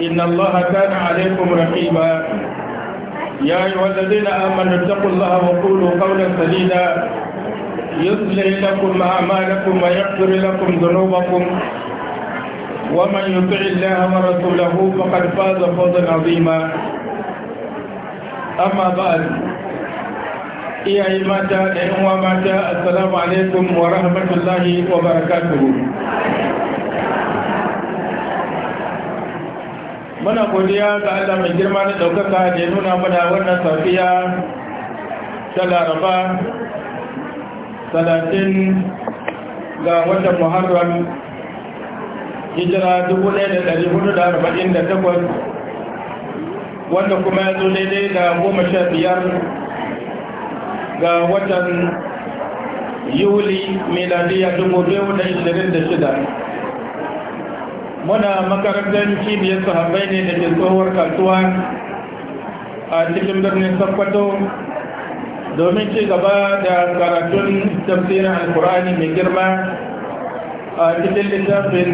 إن الله كان عليكم رقيبا يا أيها الذين آمنوا اتقوا الله وقولوا قولا سديدا يصلح لكم أعمالكم ويغفر لكم ذنوبكم ومن يطع الله ورسوله فقد فاز فوزا عظيما أما بعد إيه يا إيماتا إيه السلام عليكم ورحمة الله وبركاته muna godiya ga Allah mai girma da ɗaukaka da ya nuna mana wannan safiya ta laraba talatin ga wata muharram hijira 1448 wanda kuma ya zo daidai da goma sha biyar ga watan yuli miladiya 2026 muna makarantar cibiyar sahabbai ne da ke tsohuwar kasuwa a cikin birnin sakwato domin ci gaba da karatun tafsirin alkur'ani mai girma a cikin littafin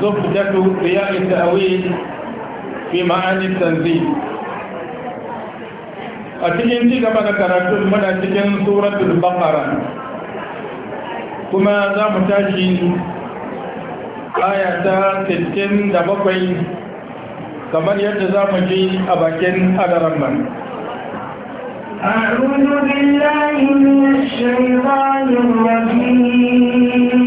zuf datu riya awi fi ma'anin tanzi a cikin ci gaba da karatun muna cikin suratul bakara kuma za mu tashi aya ta bakwai kamar yadda za mu ji a bakin man أعوذ بالله من الشيطان الرجيم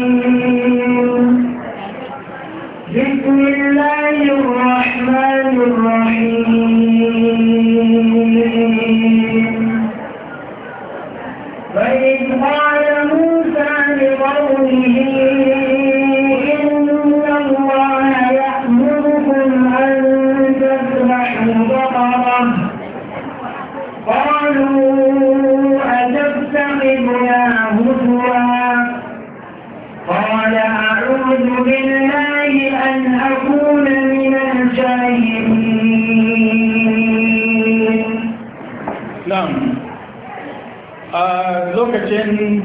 lokacin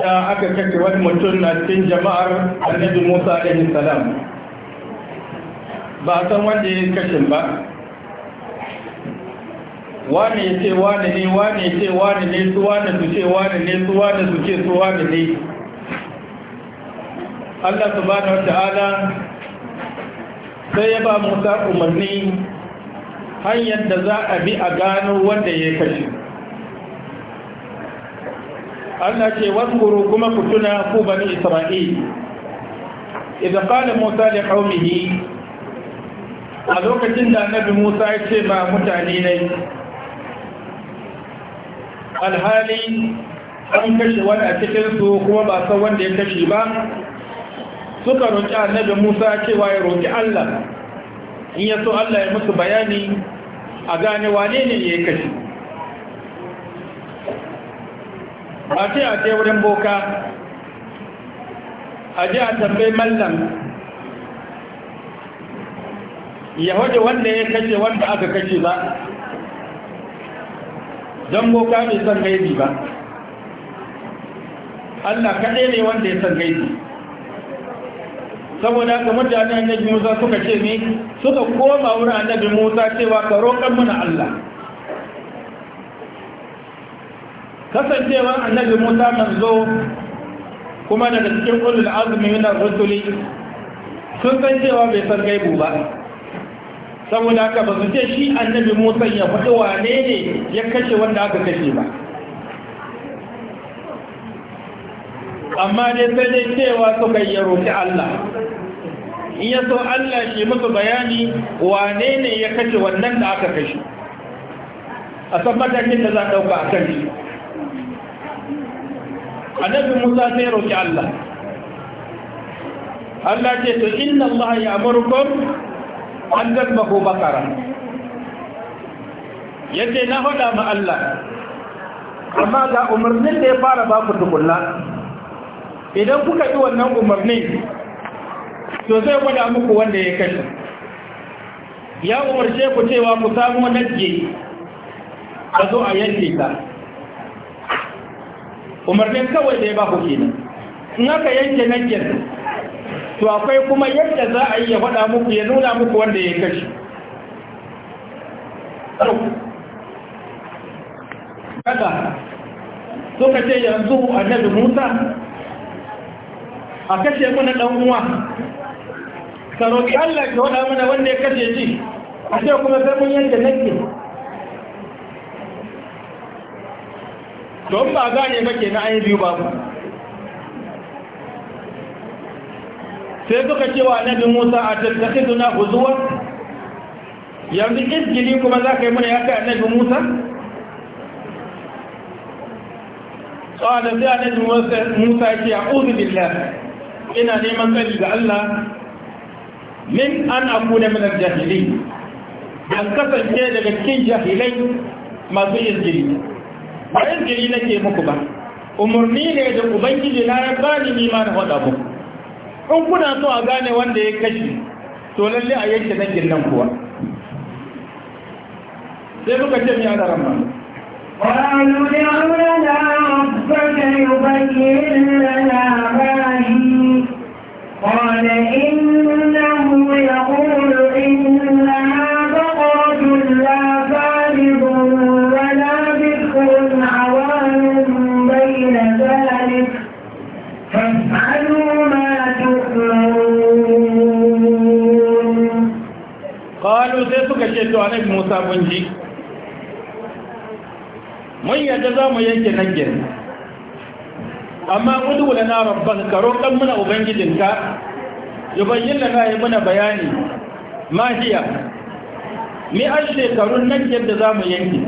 da aka kake wani mutum na cikin jama'ar annabi musa alaihi salam ba a san wanda ya kashin ba wane ya ce wane ne wane ya ce wane ne su wane su ce wane ne su wane su ce su wane ne allah subhanahu wa ta'ala sai ya ba musa umarni hanyar da za a bi a gano wanda ya kashin. Allah ce waskuru kuma ku tuna ku bani Isra'il idan qala Musa li qaumihi a lokacin da annabi Musa ya ce ba mutane ne alhali an kashe wani a cikinsu kuma ba san wanda ya kashe ba suka roƙi annabi musa cewa ya roƙi allah in ya so allah ya musu bayani a gane wane ne ya kashe ba ce a ce wurin boka a ji a tambayi mallam ya waje wanda ya kashe wanda aka kashe ba don boka mai son gaibi ba Allah kaɗai ne wanda ya san gaibi saboda haka mutane annabi Musa suka ce ne suka koma wurin annabi Musa cewa ka roƙar mana Allah kasancewar annabi musa manzo kuma daga cikin ulul azumi na rusuli sun san cewa bai san gaibu ba saboda haka ba su ce shi annabi musa ya faɗi wane ne ya kashe wanda aka kashe ba amma dai sai dai cewa suka yi roƙi Allah in ya so Allah shi musu bayani wane ne ya kashe wannan da aka kashe a san matakin da za a ɗauka a kan shi annabi musa sai roƙi allah allah ce to inna allah ya amurkum an dabbahu bakara ce na faɗa ma allah amma ga umarnin da ya fara ba ku tukunna idan kuka yi wannan umarnin to zai gwada muku wanda ya kashe ya umarce ku cewa ku samu nage ka zo a yanke ta umarnin kawai da ya ba ku kenan in aka yanke nagyar to akwai kuma yadda za a yi ya faɗa muku ya nuna muku wanda ya kashi kada suka ce yanzu annabi musa a kashe mana ɗan uwa ka roƙi allah ki faɗa mana wanda ya kashe ji. a ce kuma sai mun yanke nagyar don ba gane ba ke na ayi biyu babu sai suka cewa annabi musa a tattakidu na huzuwa yanzu izgili kuma za ka yi mana ya kai annabi musa tsawon da a annabi musa ke a uzu billah ina neman tsari ga allah min an aku da minar jahilai an kasance daga cikin jahilai masu izgili ba yanzu yi nake muku ba umarni ne da ubangiji na ya bani ni ma na faɗa muku in kuna so a gane wanda ya kashe to lalle a yanke dangin nan kuwa sai muka ce miya da ramma قالوا ادع لنا ربك يبين لنا ما هي قال إن ce to annabi Musa mun ji mun yadda za mu yanke nan gina amma udu lana rabban ka roƙan muna ubangijinka yubayyin lana yi muna bayani ma hiya mi an shekarun nan da za mu yanke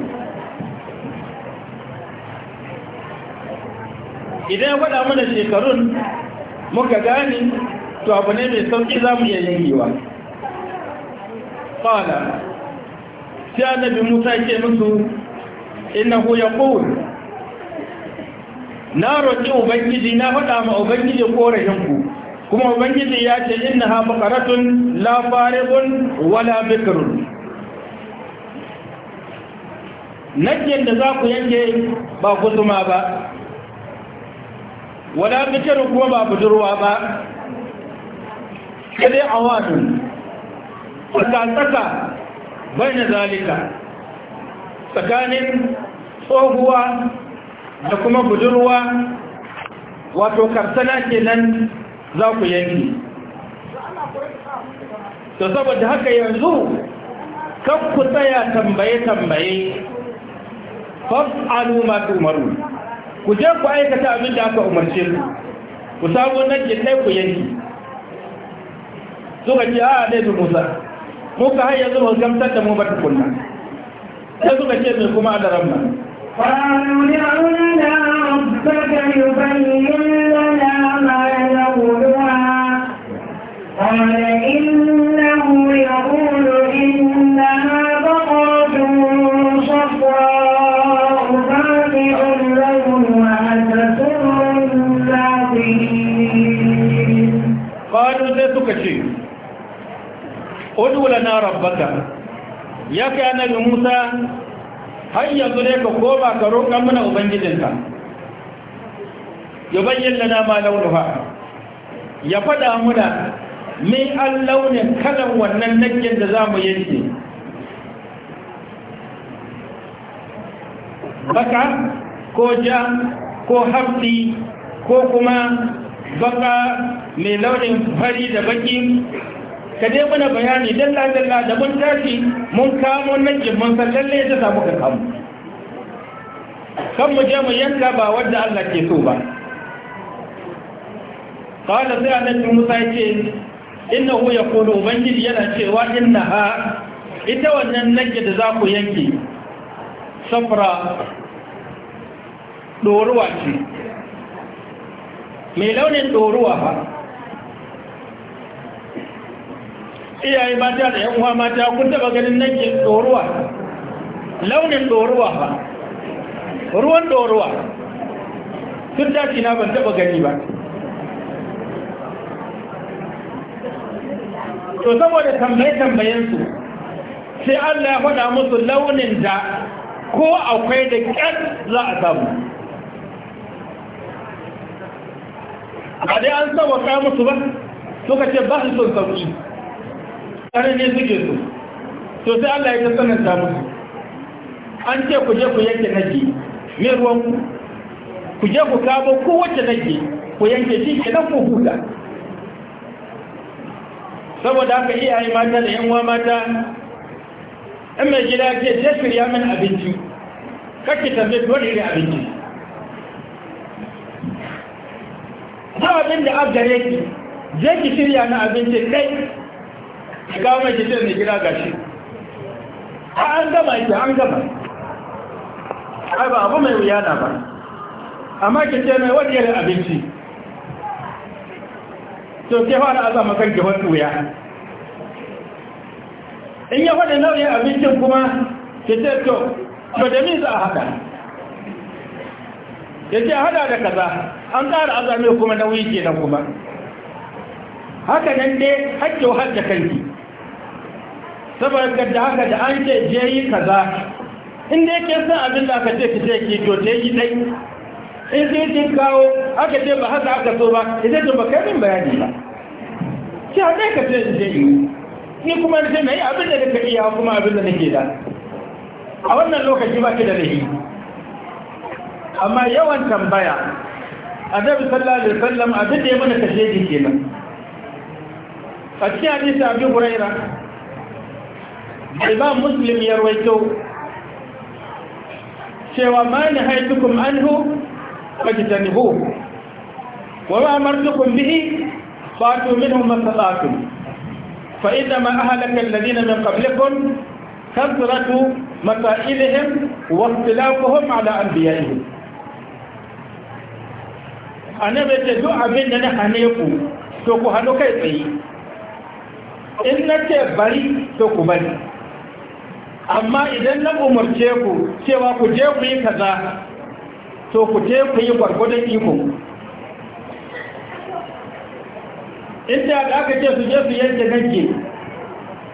idan ya faɗa mana shekarun muka gane to abu ne mai sauƙi za mu iya yankewa sai annabi musa ke musu innahu yaqul na roƙi ubangiji na faɗa ma ubangiji ku kuma ubangiji ya ce inna ha baqaratun la faribun wala bikrun najin da za ku yanke ba zuma ba wala bikrun kuma ba budurwa ba sai awadun tsaka tsaka bai na zalika tsakanin tsohuwa da kuma budurwa wato karsana ke nan za ku yanki da saboda haka yanzu kan ku tsaya tambaye-tambaye fas'alu masu umaru ku je ku aikata abin da aka umarci ku ku nan ke kai ku yanki suka ce a ah, su musa mu ka har yanzu ba gamsar da mu ba tukunna sai suka ce mai kuma da ramma قالوا لعلنا ربك يبين لنا ما نقولها قال إن udu na rabbaka ya kai bi Musa har yanzu ne ka koma ka roƙa mana ubangijinka ya bayyana lana ma launuha ya faɗa muna min an launin kalan wannan nagin da za mu yanke baka ko ja ko hafi ko kuma baka mai launin fari da baki ka je mana bayani dalla dalla da mun tashi mun kamo nan mun san lalle ta samu ka kamo kan mu je mu yanka ba wanda Allah ke so ba qala sai annabi Musa yace innahu yaqulu ubangiji yana cewa innaha ita wannan nage da za ku yanke safra doruwa ce mai launin doruwa ba iyaye mata da yan uwa mata kun taba ganin nan ke ɗoruwa launin ɗoruwa ba ruwan ɗoruwa tun tashi na ban taba gani ba to saboda tambaye-tambayensu sai Allah ya faɗa musu launin da ko akwai da ƙyar za a samu a dai an sauwaka musu ba suka ce ba su sun sauki ne suke so to sai Allah ya ta sananta musu an ce ku je ku yanke nake me ruwan ku ku je ku ko wacce nake ku yanke shi ke nan ku huta saboda haka iyaye mata da yan uwa mata in mai gida ce je shirya min abinci kake tambaye dole irin abinci ba abin da abgare gare ki je ki shirya na abinci kai. Ka kawo mai gidan ne gina gashi a an gama ita an gama ai ba abu mai wuya na ba amma ki ce mai wani yarin abinci to ke fara azama kan gaban wuya in ya faɗi nau'in abincin kuma ke ce to ba da min za a haɗa ya ce hada da kaza an ƙara azami kuma nauyi ke na kuma haka nan dai hakki hajjakanki kanki saboda da haka da an ce je yi kaza in dai ke san abin da aka ce ki ce ki to te yi dai in sai jin kawo aka ce ba haka aka so ba idan to ba kai min bayani ba ki haɗe ka ce in je yi ni kuma ce mai abin da ka iya kuma abin da nake da a wannan lokaci ba ki da rahi. amma yawan tambaya annabi sallallahu alaihi wasallam abin da ya mana kashe kenan a cikin hadisi abi hurairah imam muslim ya rawaito cewa ma nahaitukum anhu fajtanibuhu wa ma amartukum bihi fatu minhu mastata'tum fa inna ma ahlaka alladhina min qablikum kasratu masailihim wa ikhtilafuhum ala anbiya'ihim annabi ce duk abin da na hane ku to ku hannu kai tsaye in na ce bari to ku bari amma idan na umarce ku cewa ku je ku yi kaza to ku je ku yi gwargwadon iko inda da aka ce su je su yanke nanke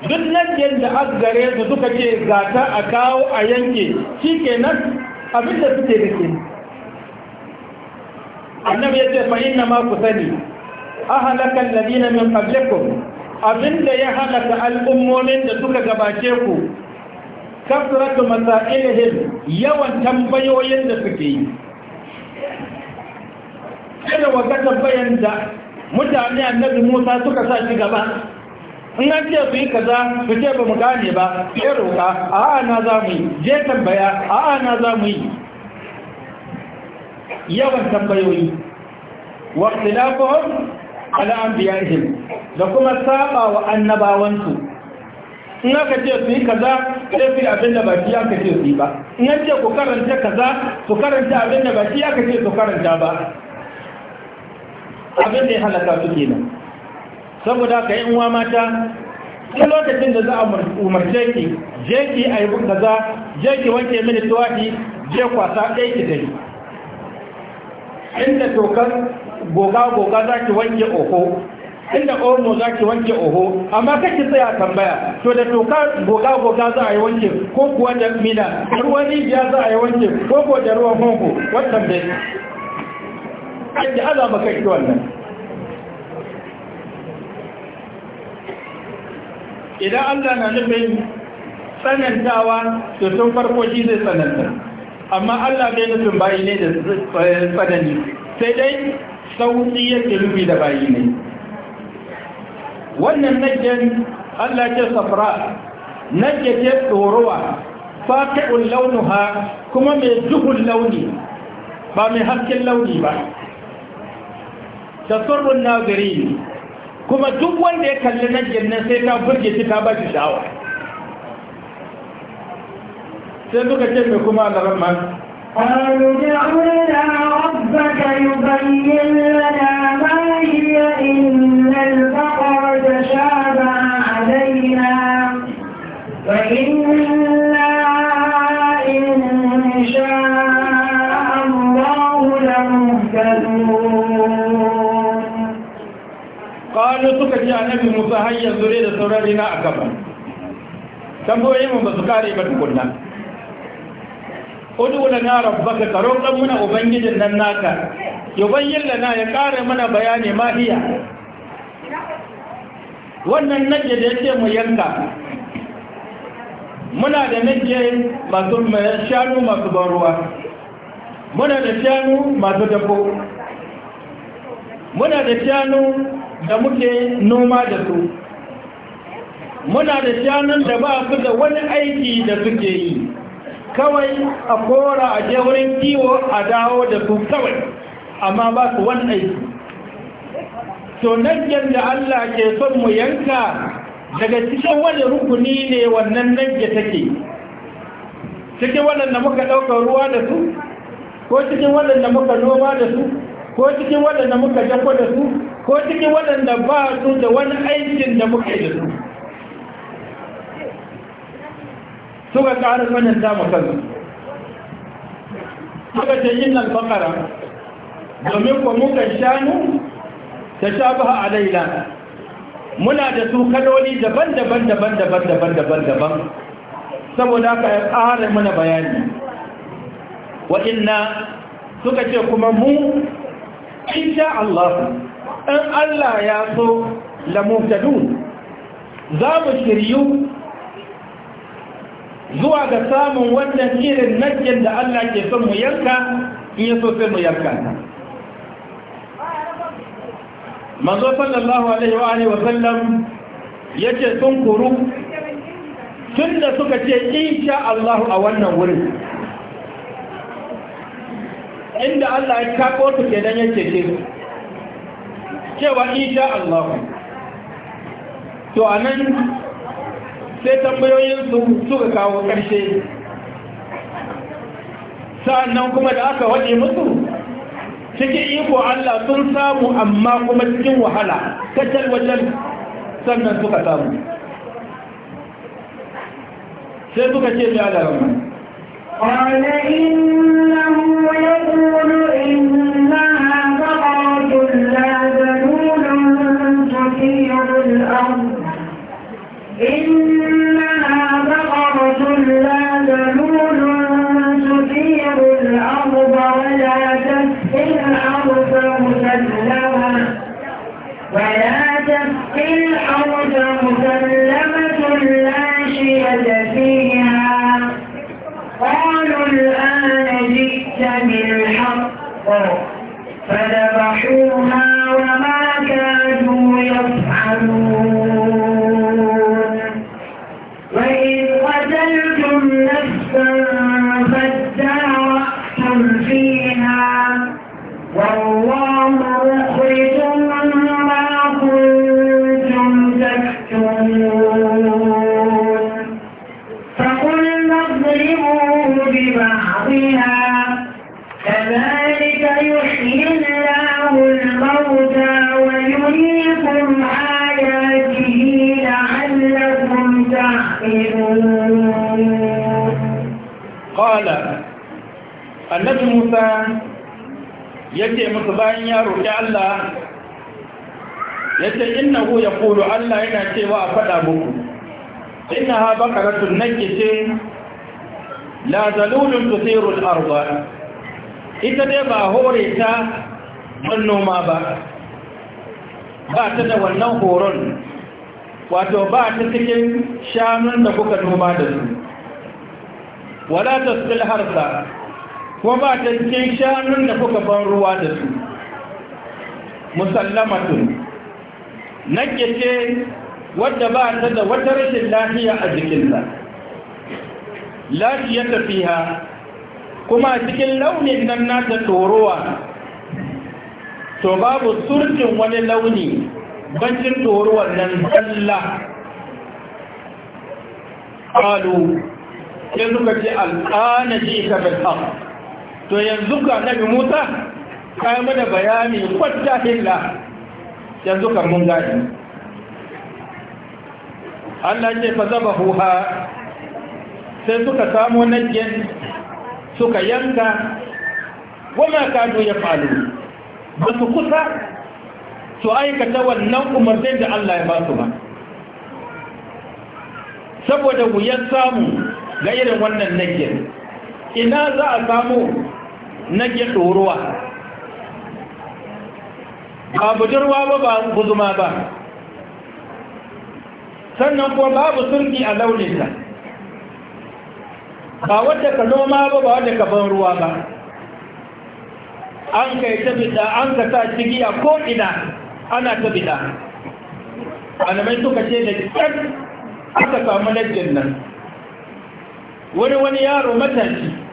duk nanke da aka gare su suka ce gata a kawo a yanke shi abin da suke da ke annabi ya ce fahim na ma ku sani ahalakan ladina min qablikum da ya halaka al'ummomin da suka gabace ku kasratu masailihim yawan tambayoyin da suke yi kada wata tambayan da mutane annabi Musa suka sa shi gaba in an ce su yi kaza su ce ba mu gane ba ya roƙa a'a na za mu yi je tambaya a'a na za mu yi yawan tambayoyi wa ikhtilafuhum ala anbiya'ihim da kuma saba wa annabawansu in aka ce su yi kaza sai su yi abin da ya aka ce su yi ba in ce ku karanta kaza su karanta abin da ya aka ce su karanta ba abin da ya halaka su kenan saboda ka yi uwa mata sai lokacin da za a umarce ki je ki a yi kaza je ki wanke mini tuwaɗi je kwasa ɗaya ki dai inda tokar goga-goga za ki wanke oko inda omo za ki wanke oho amma kake tsaya tambaya to da toka goga goga za a yi wanke ko kuwa da mina ruwan rijiya za a yi wanke ko ko da ruwan hongo wannan dai yadda ala maka ki wannan idan Allah na nufin tsanantawa to tun farko shi zai tsananta amma Allah bai nufin bayi ne da tsanani sai dai sauki yake nufi da bayi ne wannan najjan Allah ce safra najja ce ɗorowa faƙi'un launuha kuma mai duhun launi ba mai hasken launi ba da surrun naziri kuma duk wanda ya kalli najjan nan sai ta burge shi ta ba shi sha'awa sai suka ce mai kuma a ma قالوا ادع لنا ربك يبين لنا ما هي إن ƙalu suka ji annabi musa hanyar zure da sauran rina a gaba tambayoyin mu ba su kare ba tukunna udu lana rabbaka ka roƙan muna ubangijin nan naka yubayyin lana ya kare mana bayani ma hiya wannan nake da yake mu yanka muna da nake masu shanu masu ban ruwa muna da shanu masu dafo muna da shanu da muke noma da su muna da shanun da ba su da wani aiki da suke yi kawai a kora a je wurin kiwo a dawo da su kawai amma ba su wani aiki to nagyar da Allah ke son mu yanka daga cikin wani rukuni ne wannan nagya take cikin waɗanda muka ɗaukar ruwa da su ko cikin waɗanda muka noma da su ko cikin waɗanda muka jako da su ko cikin waɗanda ba su da wani aikin da muke da su suka ƙara sanin ta musamman suka ce yin nan fakara domin kwa muka shanu ta sha ba a laila muna da su kaloli daban-daban daban-daban daban-daban daban saboda aka yi ƙara mana bayani wa'inna suka ce kuma mu in sha Allah in Allah ya so lamutadun za mu shiryu zuwa ga samun wannan irin nakin da Allah ke son mu yanka in ya so sai mu yanka ta manzo sallallahu alaihi wa alihi wa sallam sun kuru tunda suka ce insha Allahu a wannan wurin inda Allah ya kako su kenan yake ce cewa insha Allah to a nan sai tambayoyinsu suka kawo ƙarshe sa'annan kuma da aka waje musu cikin iko Allah sun samu amma kuma cikin wahala kacal wajen sannan suka samu sai suka ce mai alarama قال إنه يقول ce masa bayan ya roƙi Allah ya ce innahu ya kulu Allah yana cewa a faɗa muku innaha baqaratun nakice la zalulun tusiru al-ardh ita dai ba hore ta don noma ba ba ta da wannan horon wato ba ta cikin shanun da kuka noma da su wala ta harsa. ko ba ta cikin shanun da kuka ban ruwa da su musallamatun nake ce wadda ba ta da wata rashin lafiya a jikinsa lafiyar tafiya kuma cikin launin nan nata torowa to babu surcin wani launi bancin toruwan nan tsalla ƙalu ya suka ce alƙana ji ka to yanzu ga bi musa kayan mana bayani kwata hilla yanzu kan mun gani allah ce fa zaba huha sai suka samo nagyen suka yanka wama kado ya falu ba su kusa su aikata wannan umarnin da allah ya ba su ba saboda wuyan samu ga irin wannan nagyen ina za a samu nage ɗoruwa ba budurwa ba ba guzuma ba sannan kuma babu surki a launinta ba wadda ka noma ba ba wadda ka ban ruwa ba an ka yi tabida an ka sa cigiya ko ina ana tabida alamai suka ce da cikin aka samu lajjin nan wani wani yaro matashi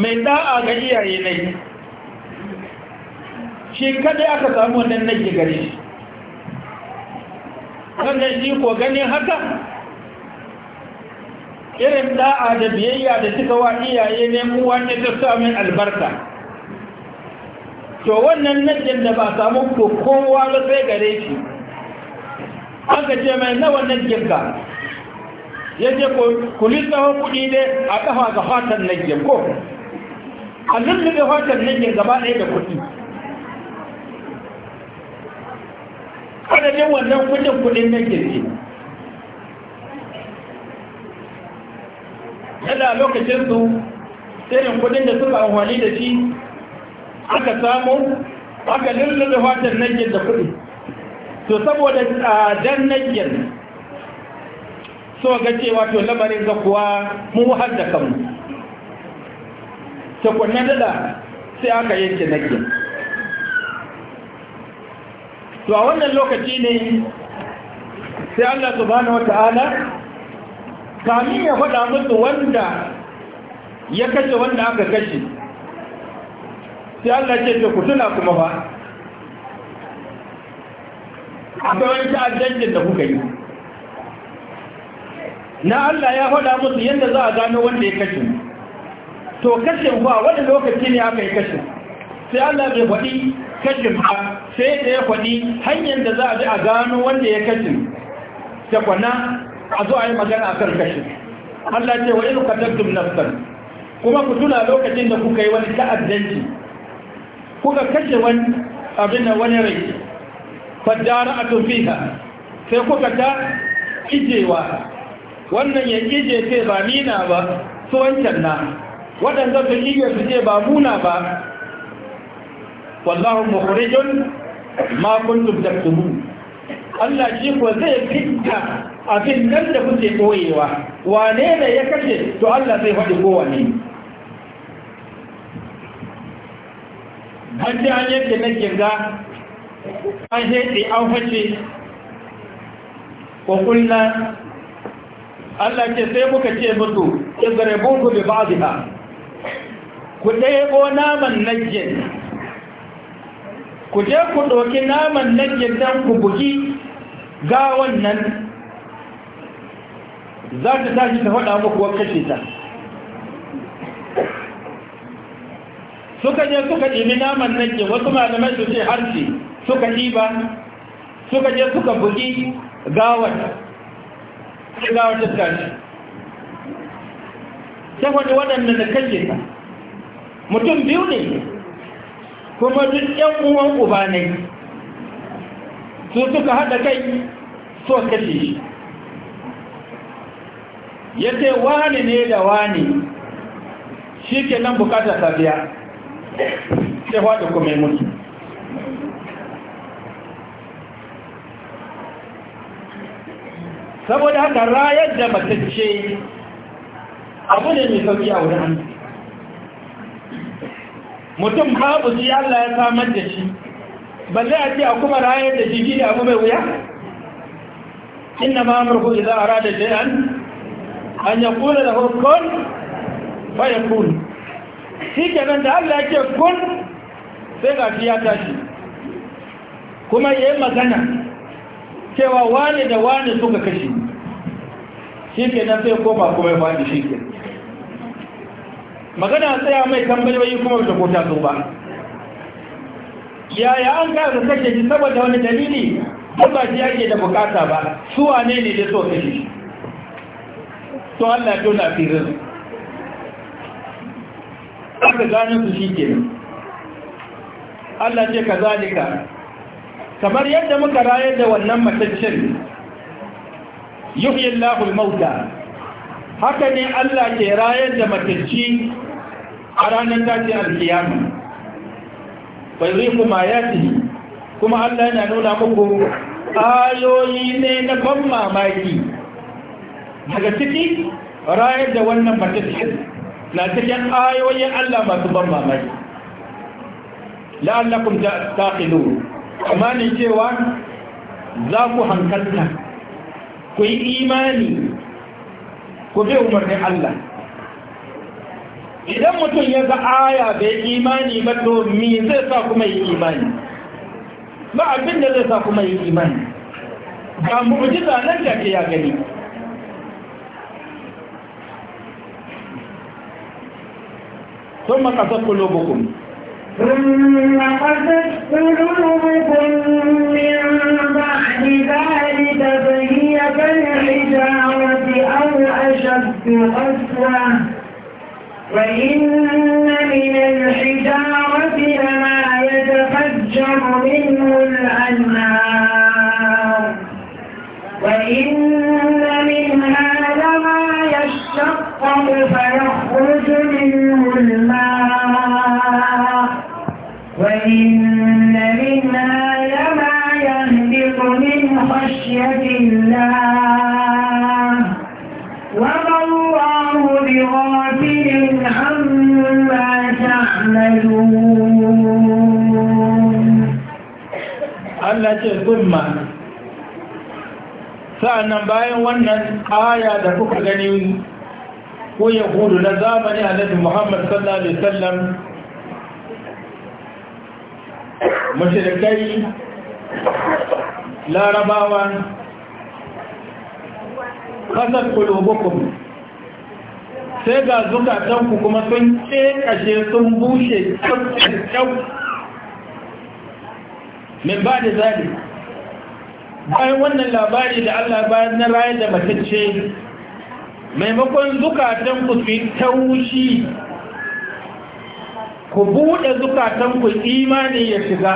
mai da'a ga iyaye ne shi kada aka samu wannan nake gare shi wannan shi ko ganin haka irin da'a da biyayya da suka wa iyaye ne mu wanda ta samun albarka to wannan najin da ba samu ko kowa ba sai gare shi ka ce mai nawa najin ka ya kulisa ku kuɗi ne a ƙafa ga fatan najin ko a lullube hoton nan gaba ɗaya da kuɗi adadin wannan kuɗin kuɗin nan girki yadda a lokacin su irin kuɗin da suka amfani da shi aka samu aka lullube hoton nan da kuɗi to saboda tsadan nan so ga cewa to lamarin ga kuwa mu har da kanmu kwanne dada sai aka yanke nakin to a wannan lokaci ne sai Allah subhanahu wata'ala kamin ya faɗa musu wanda ya kashe wanda aka kashe sai Allah ce ce ku tuna kuma ba akwai wani ta'addancin da kuka yi na Allah ya faɗa musu yadda za a gano wanda ya kashe to kashin ba wani lokaci ne aka yi kashin sai Allah bai faɗi kashin ba sai da ya faɗi hanyar da za a bi a gano wanda ya kashin ta kwana a zo a yi magana a kan kashin Allah ce wa ilu katabtum nafsan kuma ku tuna lokacin da kuka yi wani ta'addanci kuka kashe wani abin da wani rai fadara a tufiha sai kuka ta ijewa wannan ya ije ce ba nina ba tsohon na waɗanda su iya su ce ba muna ba wallahu mukhrijun ma kuntum taktubu Allah shi ko zai fitta abin nan da kuke koyewa wane ne ya kashe to Allah zai faɗi kowane an ji an yadda nake ga, an shaɗe an fashe kullum Allah ce sai muka ce mutu izare bunku bi ba'ziha ku ɗebo naman nagin ku je ku ɗoki naman nagin nan ku bugi ga nan za ta tashi ta faɗa muku wata ta suka je suka ɗibi naman nake wasu malamai su ce harshe suka ɗiba suka je suka bugi gawar gawar ta tashi ta faɗi waɗanda da kashe ta mutum biyu ne kuma duk ɗan uwan uba ne su suka haɗa kai so kashe shi ya ce wani ne da wani shi ke nan bukatar safiya sai wadda kuma yi saboda haka rayar da matacce abu ne mai sauki a wurin hannu mutum babu shi Allah ya samar da shi ba a ce a kuma rayar da shi gida abu mai wuya inna ma amurku idan arada shay'an an ya kula da hukun fa ya kuli. shi kenan da Allah yake kun sai ga ya tashi kuma yi magana cewa wane da wane suka kashe shi kenan sai koma kuma ya shi kenan magana tsaya mai tambayoyi kuma wata ko ta zo ba yaya an kasa sake shi saboda wani dalili duk ba shi ke da bukata ba su wane ne da so kashi to Allah ya na firin aka gane su shi ke Allah ce ka zalika kamar yadda muka rayar da wannan matacin yuhyi Allahul mauta haka ne Allah ke rayar da matacci a ranar dace alkiyama bai zai kuma ya kuma Allah yana nuna muku ayoyi ne na ban mamaki daga ciki rayar da wannan matacci na cikin ayoyin Allah masu ban mamaki la'allakum taqilu amma ne cewa za ku hankalta ku yi imani ku bi umarni Allah idan mutum ya ga aya bai imani ba to me zai sa kuma yi imani ba abin da zai sa kuma yi imani ga mu'jiza nan da ke ya gani ثم قصد قلوبكم ثم قست قلوبكم من بعد ذلك فهي كالحجارة أو أشد قسوة وإن من الحجارة لما يتفجر منه الأنهار وإن منها لما يشقق فيخرج منه الماء وَإِنَّ مِنَّا لَمَا يَنطِقُ مِنْ خَشْيَةِ اللَّهِ وَمَا اللَّهُ بِغَافِلٍ عَمَّا تَعْمَلُونَ التي الظلمة فأنا باين وانا آية دفوك غنيوني ويقول نظامني على محمد صلى الله عليه وسلم Mace da kai larabawa kasar ku. sai ga zukatanku kuma sun ƙeƙashe sun bushe kyau min ba da zaɗi bayan wannan labari da allah bayan na rayar da matacce maimakon zukatanku su yi taushi ku buɗe zukatanku imani ya shiga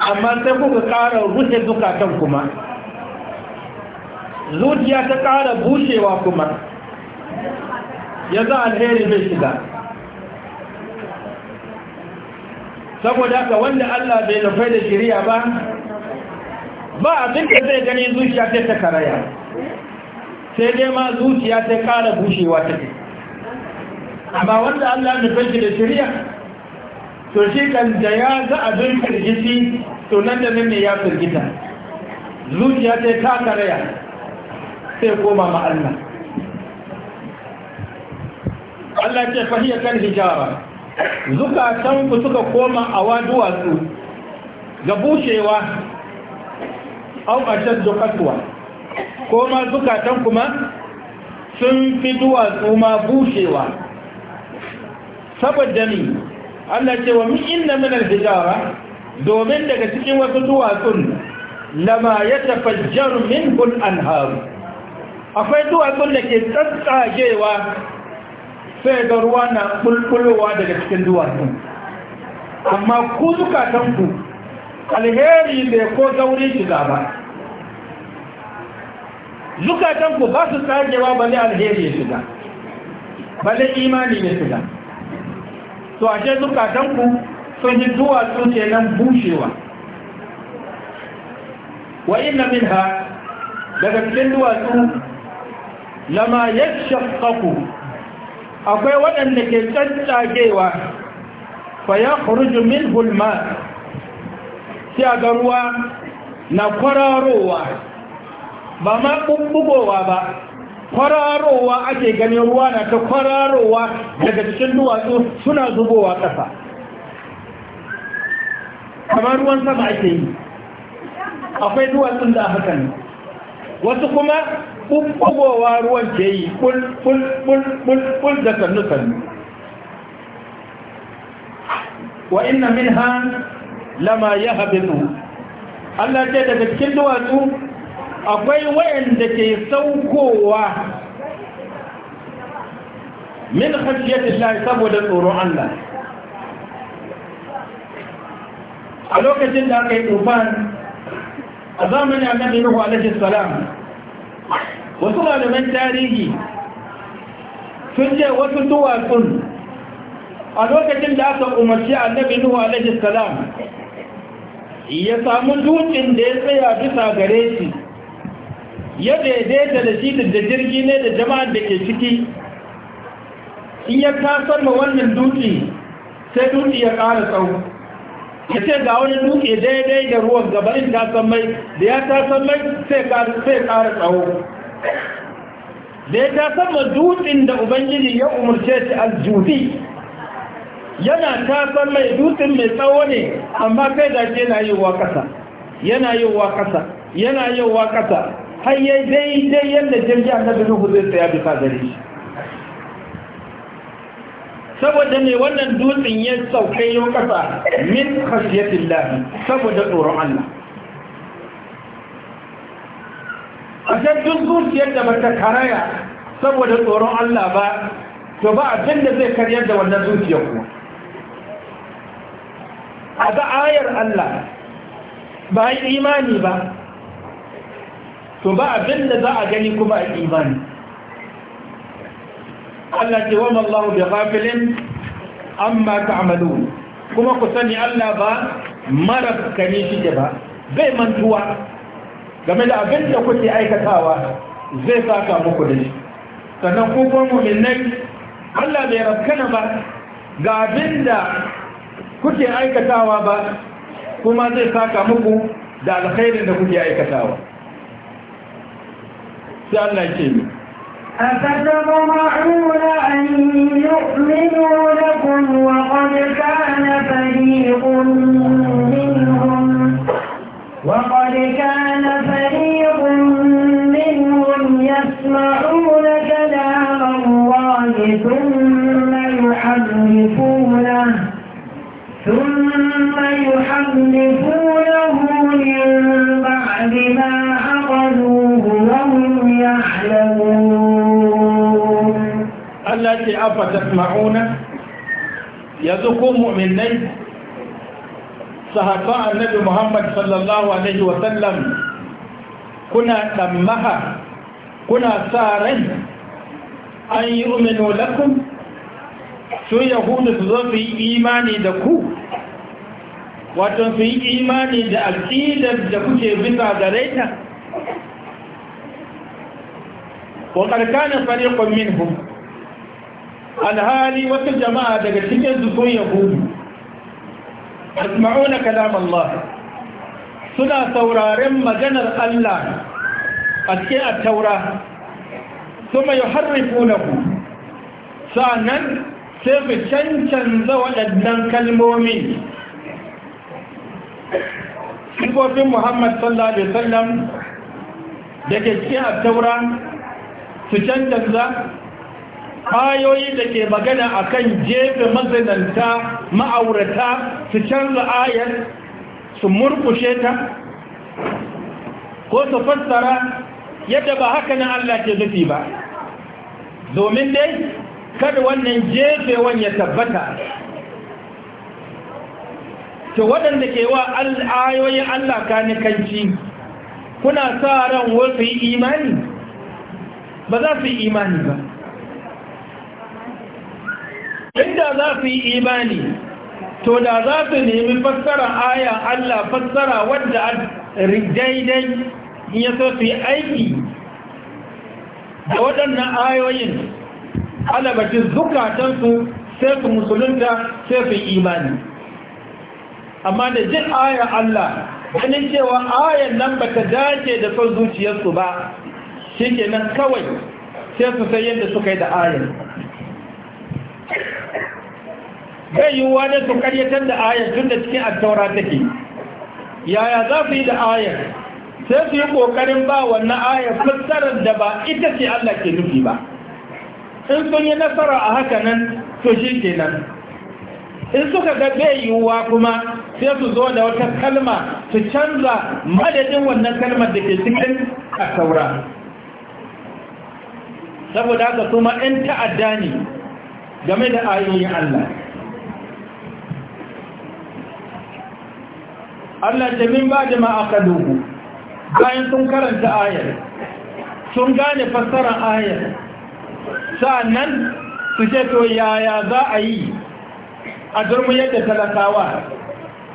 amma sai kuka ƙara rufe zukatan kuma zuciya ta ƙara bushewa kuma ya za alheri zai shiga saboda haka wanda Allah bai nufai da shirya ba ba abinda zai gani zuciya ta karaya sai dai ma zuciya ta ƙara bushewa ta ke. amma wanda Allah ya nufi da shari'a to shi kan da ya za a don firgiti to nan da nan ne ya firgita zuciya ta ta karaya sai koma ma Allah Allah ce fahiyar kan hijara zukatan ku suka koma a waduwa su ga bushewa au a can zukatuwa koma zuka zukatan kuma sun fi duwatsu ma bushewa saboda ni Allah ce wa min inna min al-hijara domin daga cikin wasu duwatsun lama ya tafajjar min kun anhar akwai duwatsun da ke tsatsagewa sai ga ruwa na kulkulowa daga cikin duwatsun amma ku zukatanku alheri bai ko gauri shiga ba zukatanku ba su tsagewa bale alheri ya shiga bale imani ya shiga to ashe zukatanku sun yi duwatsu ce nan bushewa wa inna ha daga cikin duwatsu lama ya shafkaku akwai waɗanda ke cancagewa fa ya kuruju min hulma si ga ruwa na kwararowa ba ma ɓuɓɓugowa ba kwararowa ake ganin ruwa na ta kwararowa daga cikin duwatsu suna zubowa ƙasa kamar ruwan sama ake yi akwai duwatsun da haka ne wasu kuma ɓuɓɓugowa ruwan ke yi ɓulɓulɓul da sannu-sannu wa inna min ha lama ya haɓinu Allah ce daga cikin duwatsu akwai wayanda ke saukowa min khashiyatillah saboda tsoron Allah a lokacin da aka yi tufan a zamanin annabi Nuhu alaihi salam wasu malaman tarihi sun je wasu duwatsun a lokacin da aka umarci annabi Nuhu alaihi salam ya samu dukin da ya tsaya bisa gare shi ya daidaita da shi da jirgi ne da jama'ar da ke ciki in ya tasar ma wannan dutse sai dutse ya ƙara tsawo ya ce ga wani dutse daidai da ruwan gabanin tasar mai da ya tasar mai sai ƙara tsawo da ya tasar ma dutsen da ubangiji ya umarce shi aljudi yana tasar mai dutsen mai tsawo ne amma kai da ke na yi wa ƙasa yana yi wa ƙasa yana yi wa ƙasa har yayi daidai yadda jirgin annabi nuhu zai tsaya bisa gare shi saboda mai wannan dutsen ya saukai yau kasa min khashiyatin lafi saboda tsoron Allah a duk zuciyar da bata karaya saboda tsoron Allah ba to ba abin da zai karyar da wannan zuciyar kuwa. a ga ayar Allah ba imani ba to ba abin da za a gani kuma a imani Allah ce wa mallahu bi ghafilin amma ta'malun kuma ku sani Allah ba mara kane shi ba bai mantuwa game da abin da kuke aikatawa zai saka muku da shi sannan ku kuma mu'minai Allah bai raskana ba ga abin da kuke aikatawa ba kuma zai saka muku da alkhairin da kuke aikatawa sai Allah أفتطمعون أن يؤمنوا لكم وقد كان فريق منهم وقد كان فريق منهم يسمعون كلام الله ثم يحرفونه ثم يحرفونه من بعد ما عقلوا يعلمون التي أفتسمعون يذكر مؤمنين صحفاء النبي محمد صلى الله عليه وسلم كنا تمها كنا سارين أن يؤمنوا لكم su yahudu su zo su yi imani da ku wato su yi imani da alƙidar da kuke bisa gare ta wa karkanin fariƙon minhum alhali wasu jama'a daga cikin su sun yahudu asma'una kalam Allah suna sauraren maganar Allah a cikin attaura kuma yuharrifunahu sa'annan sai mu cancanza waɗannan kalmomi sifofin Muhammad sallallahu alaihi wasallam da cikin attaura su cancanza ayoyi da ke magana a kan jefe mazinanta ma'aurata su canza ayar su murkushe ta ko su fassara yadda ba haka nan Allah ke zafi ba domin dai kada wannan jefewan ya tabbata to waɗanda ke wa ayoyin Allah kanikanci kuna sa ran wasu imani ba za su yi imani ba inda za su yi imani to da za su nemi fassara aya Allah fassara wadda a daidai in ya so su yi aiki da waɗannan ayoyin alabacin zukatansu sai su musulunta sai su yi imani amma da jin aya Allah ganin cewa ayan nan ba ta dace da son zuciyarsu ba shi kenan kawai sai su sai yadda suka yi da ayar zai yi ne su karyatar da ayar tun da cikin attaura take yaya za su yi da ayar sai su yi ƙoƙarin ba wannan ayar fassarar da ba ita ce Allah ke nufi ba in sun yi nasara a haka nan to shi kenan in suka ga bai yiwuwa kuma sai su zo da wata kalma su canza madadin wannan kalmar da ke cikin attaura saboda haka kuma ‘yan ta'adda ne game da ayoyin Allah Allah ta min ba jama'a kalubu bayan sun karanta ayar sun gane fassarar ayar sa'annan su ce to yaya za a yi a durmuyar yadda talakawa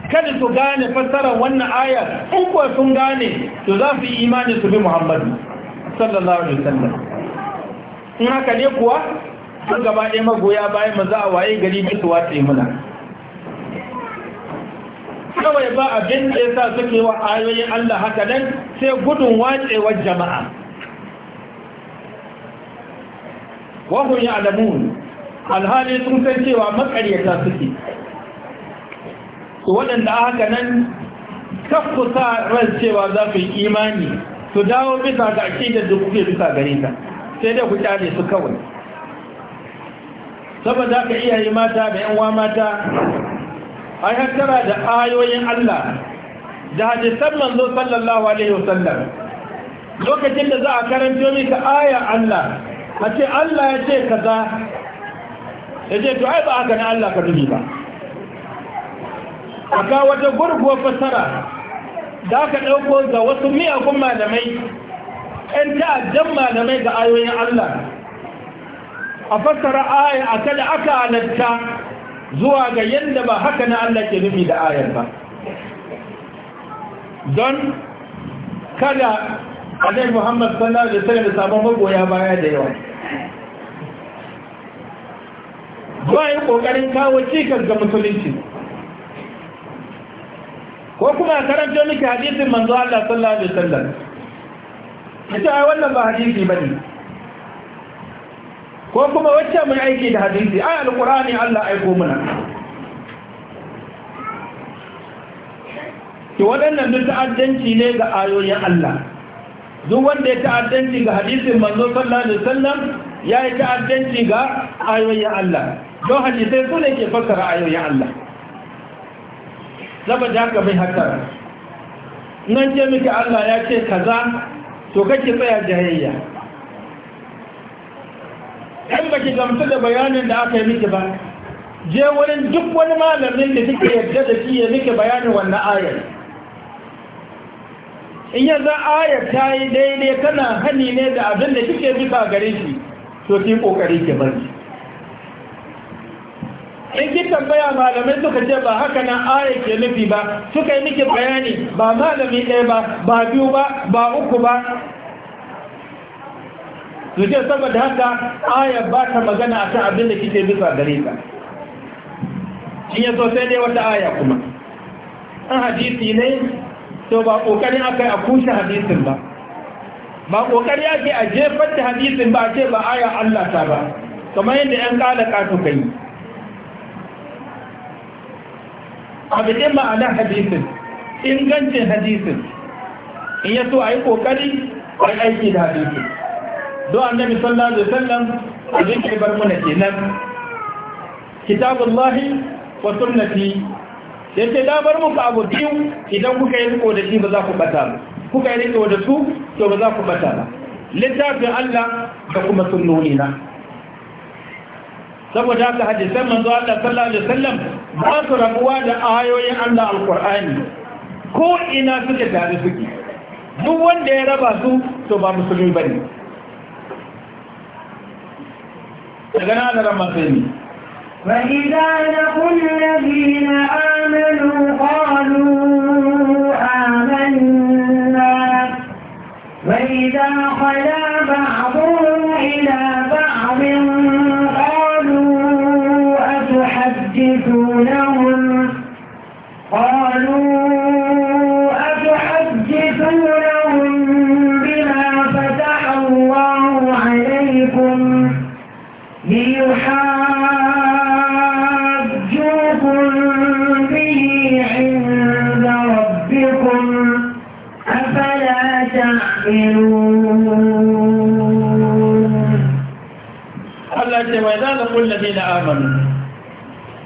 kada su gane fassarar wannan ayar in kuwa sun gane to za su yi imani su bi muhammadu sallallahu alaihi wasallam in haka ne kuwa sun gaba ɗaya magoya bayan maza a waye gari bisu yi muna kawai ba abin da ya sa suke wa ayoyin Allah haka nan sai gudun watsewar jama'a wahun ya alamu alhali sun san cewa makaryata suke su waɗanda haka nan kafusa ran cewa za su yi imani su dawo bisa ga ake da kuke bisa gare ta sai dai ku kyale su kawai saboda ka iya yi mata da yan mata ai hattara da ayoyin Allah da hadisan manzo sallallahu alaihi wasallam lokacin da za a karanto miki aya Allah a ce Allah ya ce kaza ya ce to ai ba haka na Allah ka dubi ba aka wata gurguwar fasara da aka ɗauko ga wasu miyagun malamai ‘yan jan malamai ga ayoyin Allah a fassara aya a kada aka halatta zuwa ga yadda ba haka na Allah ke nufi da ayar ba don kada annabi Muhammad sallallahu alaihi wasallam da sabon magoya baya da yawa ba yi kokarin kawo cikas ga musulunci ko kuma karanta miki hadisin manzo Allah sallallahu alaihi wasallam ya ce ai wannan ba hadisi ba ne ko kuma wacce mun aiki da hadisi ai alkurani allah aiko muna ki waɗannan duk ta'addanci ne ga ayoyin allah duk wanda ya ta'addanci ga hadisin manzo sallallahu alaihi wasallam ya yi ta'addanci ga ayoyin allah don hadisai su ne ke fassara ayoyin allah saboda haka bai hakkara nan ce miki Allah ya ce kaza to kake tsaya jayayya ɗan ba ki gamsu da bayanin da aka yi miki ba je wurin duk wani malamin da kike yarda da shi ya miki bayanin wannan ayar in yi za ayar ta yi daidai tana hani ne da abin da kike bisa gare shi to ki kokari ki bari tambaya malamai suka ce ba haka nan ayar ke nufi ba suka yi miki bayani ba malami ɗaya ba ba biyu ba ba uku ba su ce saboda haka ayar ba ta magana a kan abin da kike bisa gare ka shi ya so sai dai wata aya kuma an hadisi ne to ba kokari aka yi a kushe hadisin ba ba kokari ake a jefar da hadisin ba ce ba aya Allah ta ba kamar yadda ‘yan ƙalaka suka yi abu ma'anar ma'ana hadisin ingancin hadisin in ya a yi ƙoƙari a aiki da hadisin don annabi sallallahu alaihi wasallam abin ke bar muna kenan kitabullahi wa sunnati yace da bar muku abu biyu idan kuka yi riko da shi ba za ku bata ba kuka yi riko da su to ba za ku bata ba littafin Allah da kuma sunnoni na saboda haka hadisan manzo Allah sallallahu alaihi wasallam ba su rabuwa da ayoyin Allah alqur'ani ko ina suke tare suke duk wanda ya raba su to ba musulmi bane daga nan da ramar sai فإذا لقوا الذين آمنوا قالوا آمنا وإذا خلا بعضهم إلى بعض يحدثونه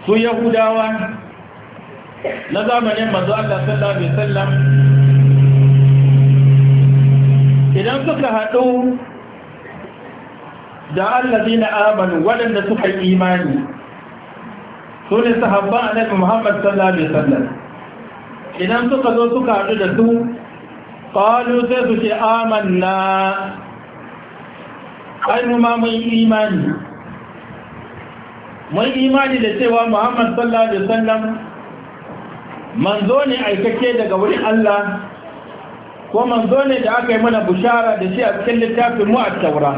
su yahudawa na zamanin manzo Allah sallallahu alaihi wasallam idan suka haɗu da allazi na amanu waɗanda suka yi imani su ne sahabba a nabi muhammad sallallahu alaihi wasallam idan suka zo suka haɗu da su ƙwalo sai su ce amanna ai mu ma mun imani mun imani da cewa muhammad sallallahu alaihi wasallam manzo ne aikake daga wurin Allah ko manzo ne da aka yi mana bushara da shi a cikin littafin mu a taura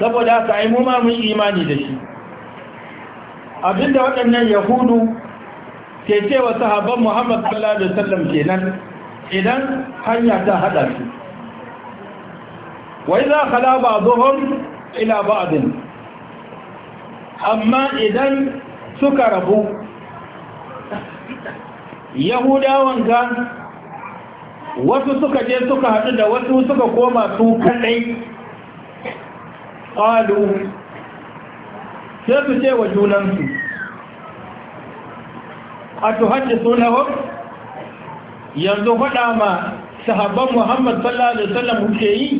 saboda haka ai mu ma mun imani da shi abinda waɗannan yahudu ke cewa sahabban muhammad sallallahu alaihi wasallam kenan idan hanya ta hada su wa idza khala ba'dhum ila ba'din amma idan suka rabu yahudawan ga wasu suka je suka haɗu da wasu suka koma su kaɗai ƙalu sai su ce wa junansu a tuhaddi sunawar yanzu faɗa ma sahabban muhammad sallallahu alaihi wasallam muke yi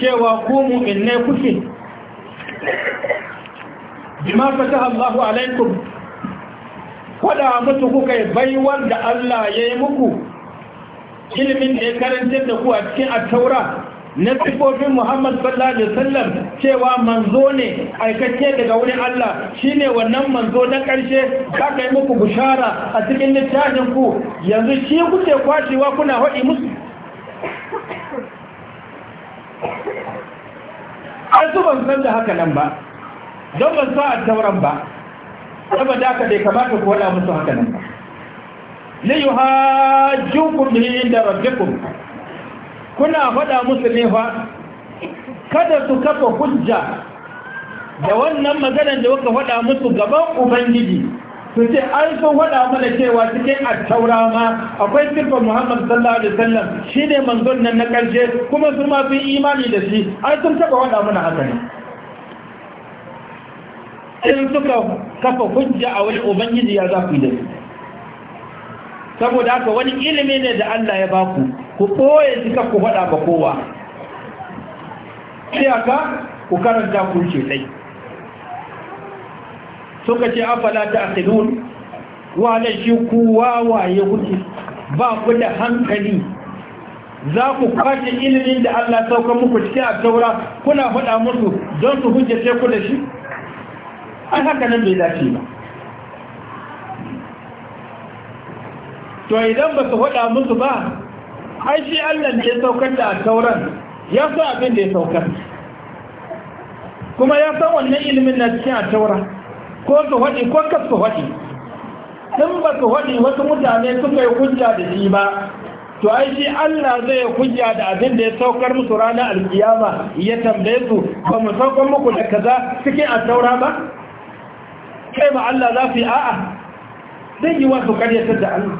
cewa ku mu'in ne kuke bima fataha Allahu alaikum kwada mutu kuka yi baiwar da Allah ya yi muku ilimin da ya karantar da ku a cikin attaura na sifofin Muhammad sallallahu alaihi wasallam cewa manzo ne aikace daga wurin Allah shine wannan manzo na karshe ka kai muku bushara a cikin littafin ku yanzu shi kuke kwashewa kuna haɗi musu an su ban san da haka nan ba don ban sa a tauran ba saboda haka bai kamata ku wada musu haka nan ba li yuhajjukum bi inda rabbikum kuna faɗa musu ne fa kada su kafa hujja da wannan maganar da kuka faɗa musu gaban ubangiji su ce an sun faɗa mana cewa cikin attaura ma akwai sirfa muhammad sallallahu alaihi wasallam shine manzon nan na ƙarshe kuma su ma sun imani da shi an sun taba wada mana haka ne in suka kafa hujja a wani ubangiji ya za ku da su saboda haka wani ilimi ne da Allah ya baku ku koye suka ku faɗa ba kowa aka ku karanta ku ce dai suka ce afala ta Wa wane shi ku wawaye kuke ba ku da hankali za ku kwace ilimin da Allah sauka muku cikin a taura kuna faɗa musu don su hujjace ku da shi an haka nan bai dace ba to idan ba su hada musu ba ai shi allah ne ya saukar da sauran ya sa abin da ya saukar kuma ya san wannan ilimin na cikin a ko su hadi ko kas su hadi in ba su hadi wasu mutane suka yi hujja da shi ba to ai shi Allah zai yi hujja da abin da ya saukar musu ranar alkiyama ya tambaye su ba mu saukar muku da kaza cikin a ba kai ma Allah za lafi a'a zai yi wasu karyatar da Allah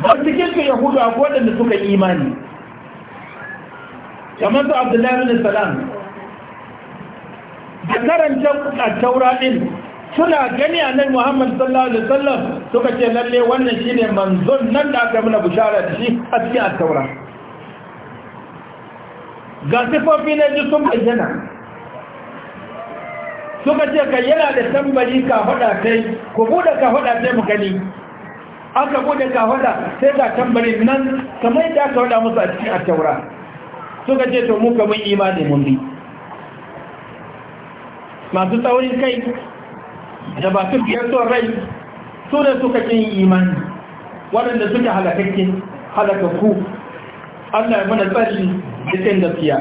a cikin su yahudu a waɗanda suka yi imani kamar su abdullahi bin salam da karanta a taura ɗin suna gani a nan Muhammadu sallallahu alaihi wasallam suka ce lalle wannan shine manzon nan da aka muna bushara da shi a cikin at-taura ga sifofi na ji sun bayyana suka ce ka yana da tambari ka hada kai ku buɗe ka hada sai mu gani aka buɗe ka hada sai ga tambari nan kamar da aka hada musu a cikin attaura suka ce to ka mun imani mun bi masu tsaurin kai da ba su biyar son rai su da suka ƙin imani waɗanda suke halakakke halakakku Allah ya mana tsari da gaskiya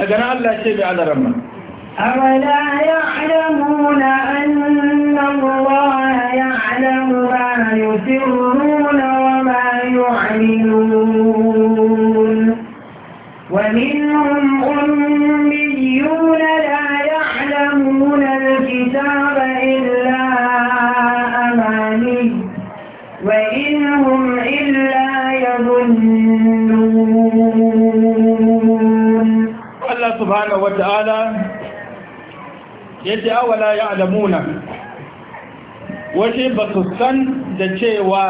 daga nan Allah ce bai alaramma أولا يعلمون أن الله يعلم ما يسرون وما يعلنون yace awala ya'lamuna wace ba su san da cewa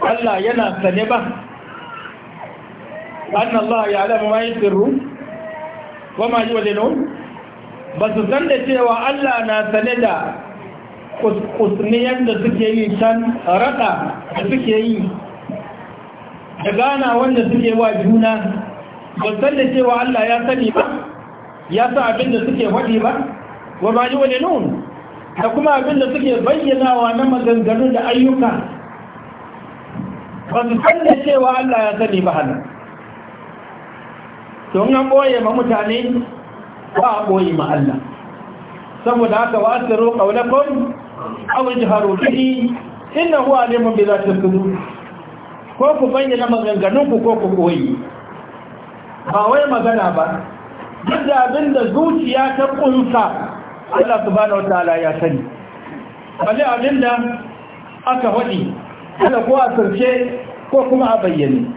Allah yana sane ba an Allah alamu ma yusirru wa ma yu'linu ba su san da cewa Allah na sane da kusniyar da suke yi can rada da suke yi da gana wanda suke wa juna ba su san da cewa Allah ya sani ba ya sa abin da suke faɗi ba wa ma nun? da kuma abin da suke bayyanawa na maganganu da ayyuka ba su san da cewa Allah ya sani ba hana don an boye ma mutane ba a boye ma Allah saboda haka wa asiru qawlakum aw ijharu bihi innahu alimun bi zati kudu, ko ku bayyana maganganunku ko ku koyi ba wai magana ba duk da abin da zuciya ta ƙunsa. Allah subhanahu wataala ya sani balle abin da aka haɗi, kada ko a sirce ko kuma a bayyane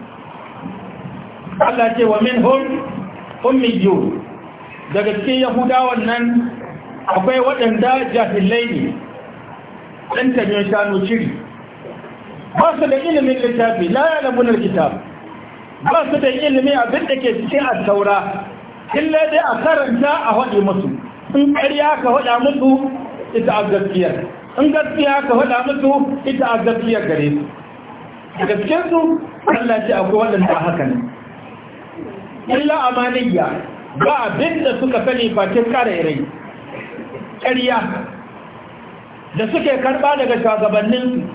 Allah ce wa minhum ummiyun daga cikin yahudawan nan akwai waɗanda jahilai ne ɗan tanyar shanu ciri ba su da ilimin littafi la yalabunar kitab ba su da ilimin abin da ke cikin asaura illa dai a karanta a haɗe musu in ƙarya ka faɗa musu ita a gaskiyar in gaskiya ka faɗa musu ita a gaskiyar gare su a gaskiyarsu Allah ce akwai waɗanda ta haka ne illa amaniya ba abin da suka sani bakin rai ƙarya da suke karɓa daga shagabannin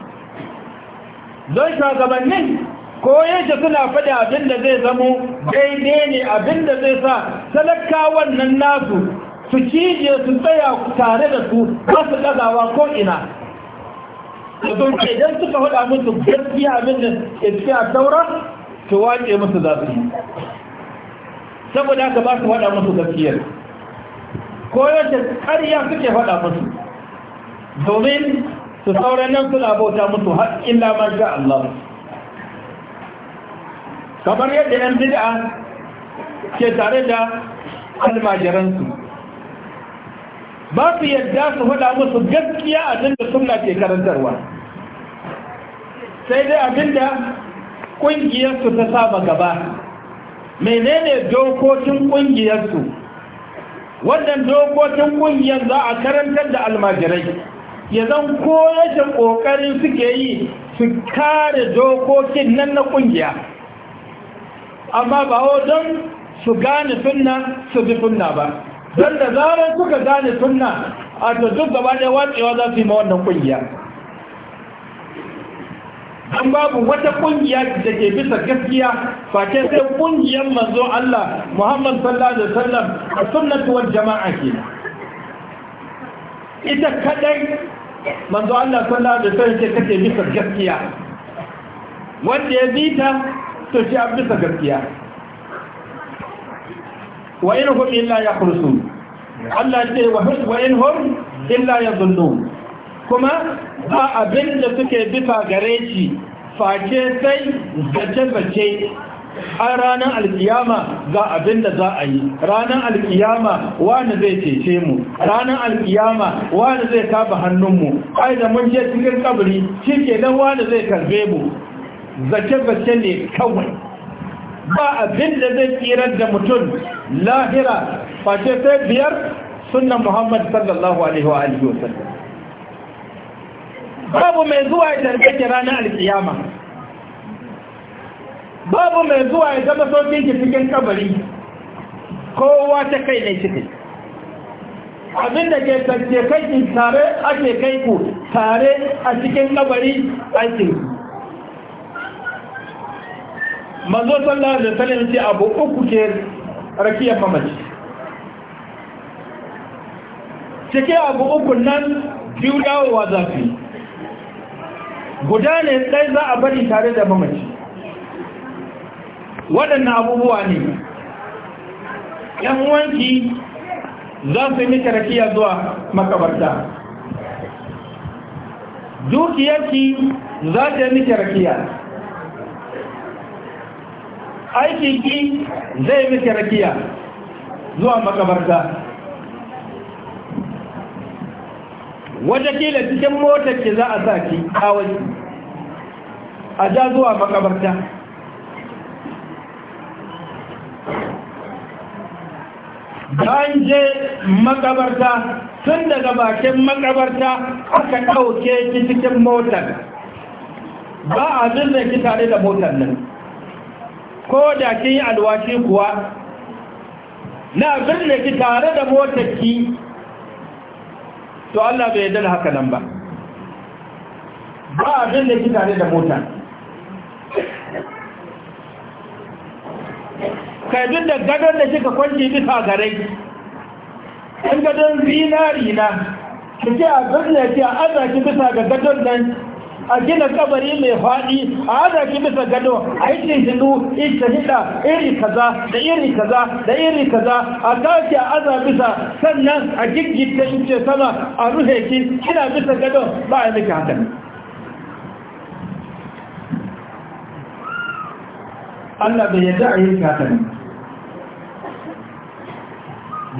don shugabannin koyar da suna faɗi abin da zai zamo daidai ne abin da zai sa talakawan nan nasu su cije su tsaya tare da su ba su ɗazawa ko ina don idan suka faɗa musu gaskiya abin da ke a taura su wace musu zafi saboda haka ba su faɗa musu gaskiyar ko yadda ƙarya suke faɗa musu domin su sauran nan suna bauta musu har illa man sha Allah kamar yadda yan bid'a ke tare da almajiransu ba su yadda su faɗa musu gaskiya abin da suna ke karantarwa sai dai abinda ƙungiyarsu ta saba gaba menene dokokin ƙungiyarsu wannan dokokin ƙungiyar za a karantar da almajirai ya zan koyashe ƙoƙarin suke yi su kare dokokin nan na ƙungiya amma ba don su gane sunna su bi sunna ba don da zarar suka gane suna a to duk gaba ɗaya watsewa za su yi ma wannan ƙungiya an babu wata ƙungiya da ke bisa gaskiya face sai ƙungiyar manzo Allah Muhammad sallallahu alaihi wasallam a sunnatu wal jama'a ke ita kadai manzo Allah sallallahu alaihi wasallam ce take bisa gaskiya wanda ya zita to shi a bisa gaskiya wa in hum illa yakhrusun Allah ce wa wa in hum illa yadhunnun kuma ba abin da suke bifa gare shi face sai zace bace a ranar alkiyama ga abin da za a yi ranar alkiyama wani zai cece mu ranar alkiyama wani zai taba hannunmu ai da mun je cikin kabari shi ke nan wani zai karbe mu zace bace ne kawai ba abin da zai tsirar da mutum lahira face sai biyar sunan muhammad sallallahu alaihi wa alihi wa babu mai zuwa ya tarkace ranar alkiyama babu mai zuwa ya zama saukin ki cikin kabari kowa ta kai ne ciki abin da ke tarkace kai tare ake kai ku tare a cikin kabari aikin ku manzo sallallahu alaihi wasallam ce abu uku ke rakiyar mamaci cike abu uku nan biyu dawowa zafi. guda ne ɗai za a bari tare da mamaci waɗannan abubuwa ne ‘yan wanki za su yi miki rakiya zuwa makabarta dukiyarki za ta yi miki rakiya aikin ki zai miki rakiya zuwa makabarta watakila cikin motar ki za a sa ki kawai a ja zuwa makabarta bayan je makabarta tun daga bakin makabarta aka ɗauke ki cikin motar ba a zirna ki tare da motar nan ko da kin yi alwashi kuwa na birne ki tare da motarki to Allah bai yadda haka nan ba ba birne ki tare da mota kai duk da gadon da kika kwanci bisa gare ɗan gadon zinari na kike a birne ki a azaki bisa ga gadon nan a gina kabari mai faɗi a haɗa ki bisa gado a yi tihinu ita hida iri kaza da iri kaza da iri kaza a tashi a aza bisa sannan a giggita in ce sama a rufe ki kina bisa gado ba a miki hakan Allah bai yadda a yi hakan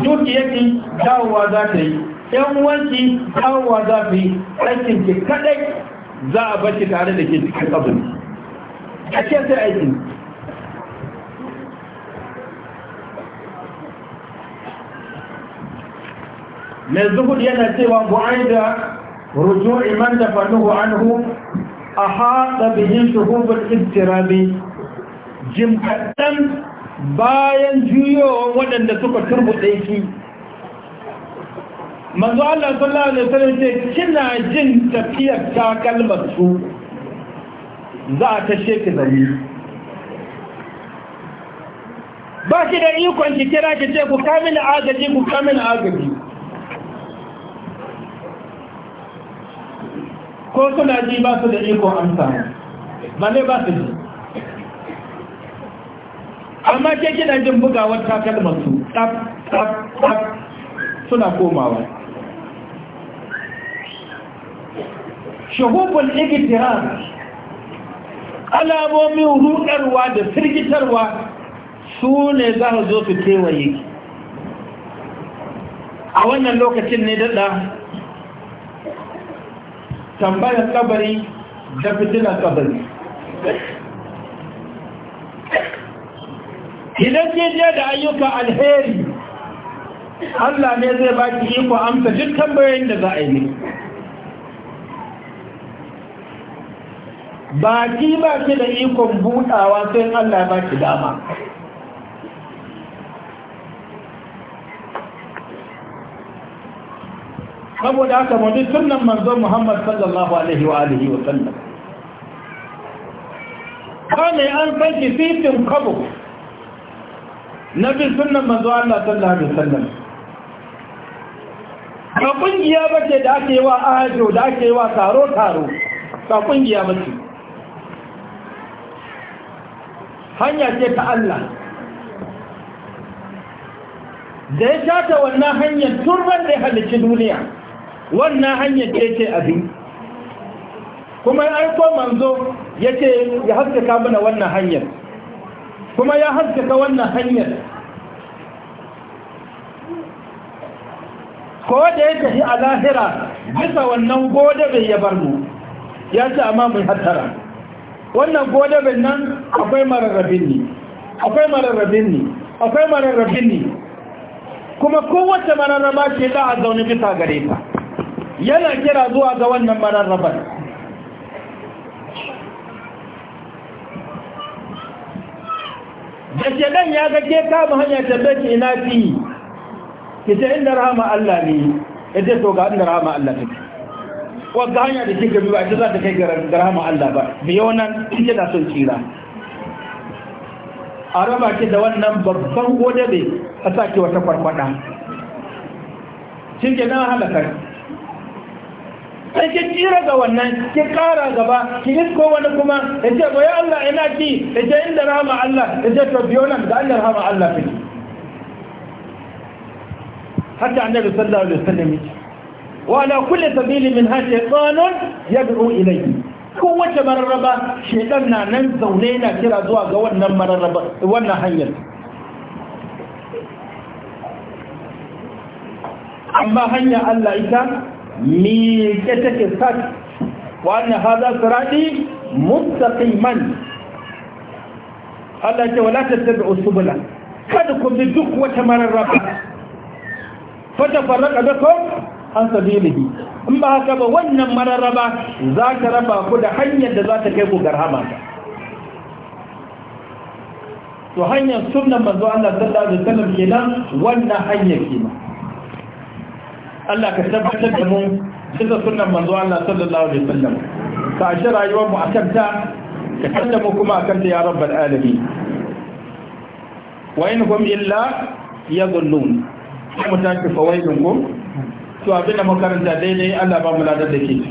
dukiyarki dawowa za ta yi ‘yan wanki dawowa za ta yi aikinki kaɗai za a barci tare da ke cikin kabari a ce sai mai zuhud yana cewa bu'ai da ruju'i iman da fanuhu anhu a haɗa bihin shuhubin istirabi jim bayan juyowar waɗanda suka turbuɗe shi manzo Allah sallallahu alaihi wasallam ce kina jin tafiyar ta kalmar su za a ta sheki zari ba ki da ikon ki kira ki ce ku kamin agaji ku kamin agaji ko suna ji ba su da ikon amsa ba ne ba su ji amma ke kina jin bugawar kalmar su tap tap tap suna komawa shahubul igtiram alamomin rudarwa da firgitarwa su ne za su zo su tewaye a wannan lokacin ne dada, tambayar kabari da fitilar kabari idan je da ayyuka alheri Allah ne zai baki iko amsa duk tambayoyin da za a yi ba ki ba ki da ikon buɗawa sai Allah ba ki dama saboda haka mu sunan sunnan manzon Muhammad sallallahu alaihi wa alihi wa sallam kana an fanki fitin kabo na bi sunnan manzo Allah sallallahu alaihi wa sallam Ka kungiya bace da ake wa ajo da ake wa taro taro ka kungiya bace hanya ce ta Allah da ya shata wannan hanyar turban da ya halicci duniya wannan hanyar ce ce abin kuma ya aiko manzo ya ce ya haskaka mana wannan hanyar kuma ya haskaka wannan hanyar ko da ya tafi a lahira bisa wannan gode bai ya bar mu ya ce amma mun hattara wannan godabin nan akwai mararrabin ne akwai mararrabin ne akwai mararrabin ne kuma kowace mararraba ce za a zaune bisa gare ta yana kira zuwa ga wannan mararrabar da shedan ya ga ke kama hanyar tabbaci ina fi ki ce inda rahama Allah ne ya ce to ga inda rahama Allah ne wadda hanya da kika bi ba ita za ta kai ga rahama Allah ba biyo nan in da son tsira a raba ki da wannan babban gode ne a sa ki wata kwarkwada shike na halakar sai ki tsira ga wannan ki kara gaba ki isko wani kuma ya ce ya Allah ina ki ya ce inda rahama Allah ya ce to biyo nan da Allah rahama Allah fi hatta annabi sallallahu alaihi wasallam yake وعلى كل سبيل من هذه شيطان يدعو إليه kowace mararraba shedan na nan zaune yana kira zuwa ga wannan mararraba wannan hanyar amma hanya Allah ita miƙe take sat wannan haza sirati mustaqiman Allah ke wala tattabi'u subula kada ku bi duk wata mararraba fata farraka bikum an sabilihi in ba haka ba wannan mararraba za ka raba ku da hanyar da za ta kai ku garhama ka to hanyar sunan manzo Allah sallallahu alaihi wasallam kenan wannan hanyar kenan Allah ka tabbatar da mu bisa sunan manzo Allah sallallahu alaihi wasallam ka shi rayuwar mu akan ta ka tada mu kuma akan ta ya rabbal alamin wa in hum illa yadhunnun mutaki fawaidun kum to abin da makaranta daidai Allah ba mu ladar da ke ciki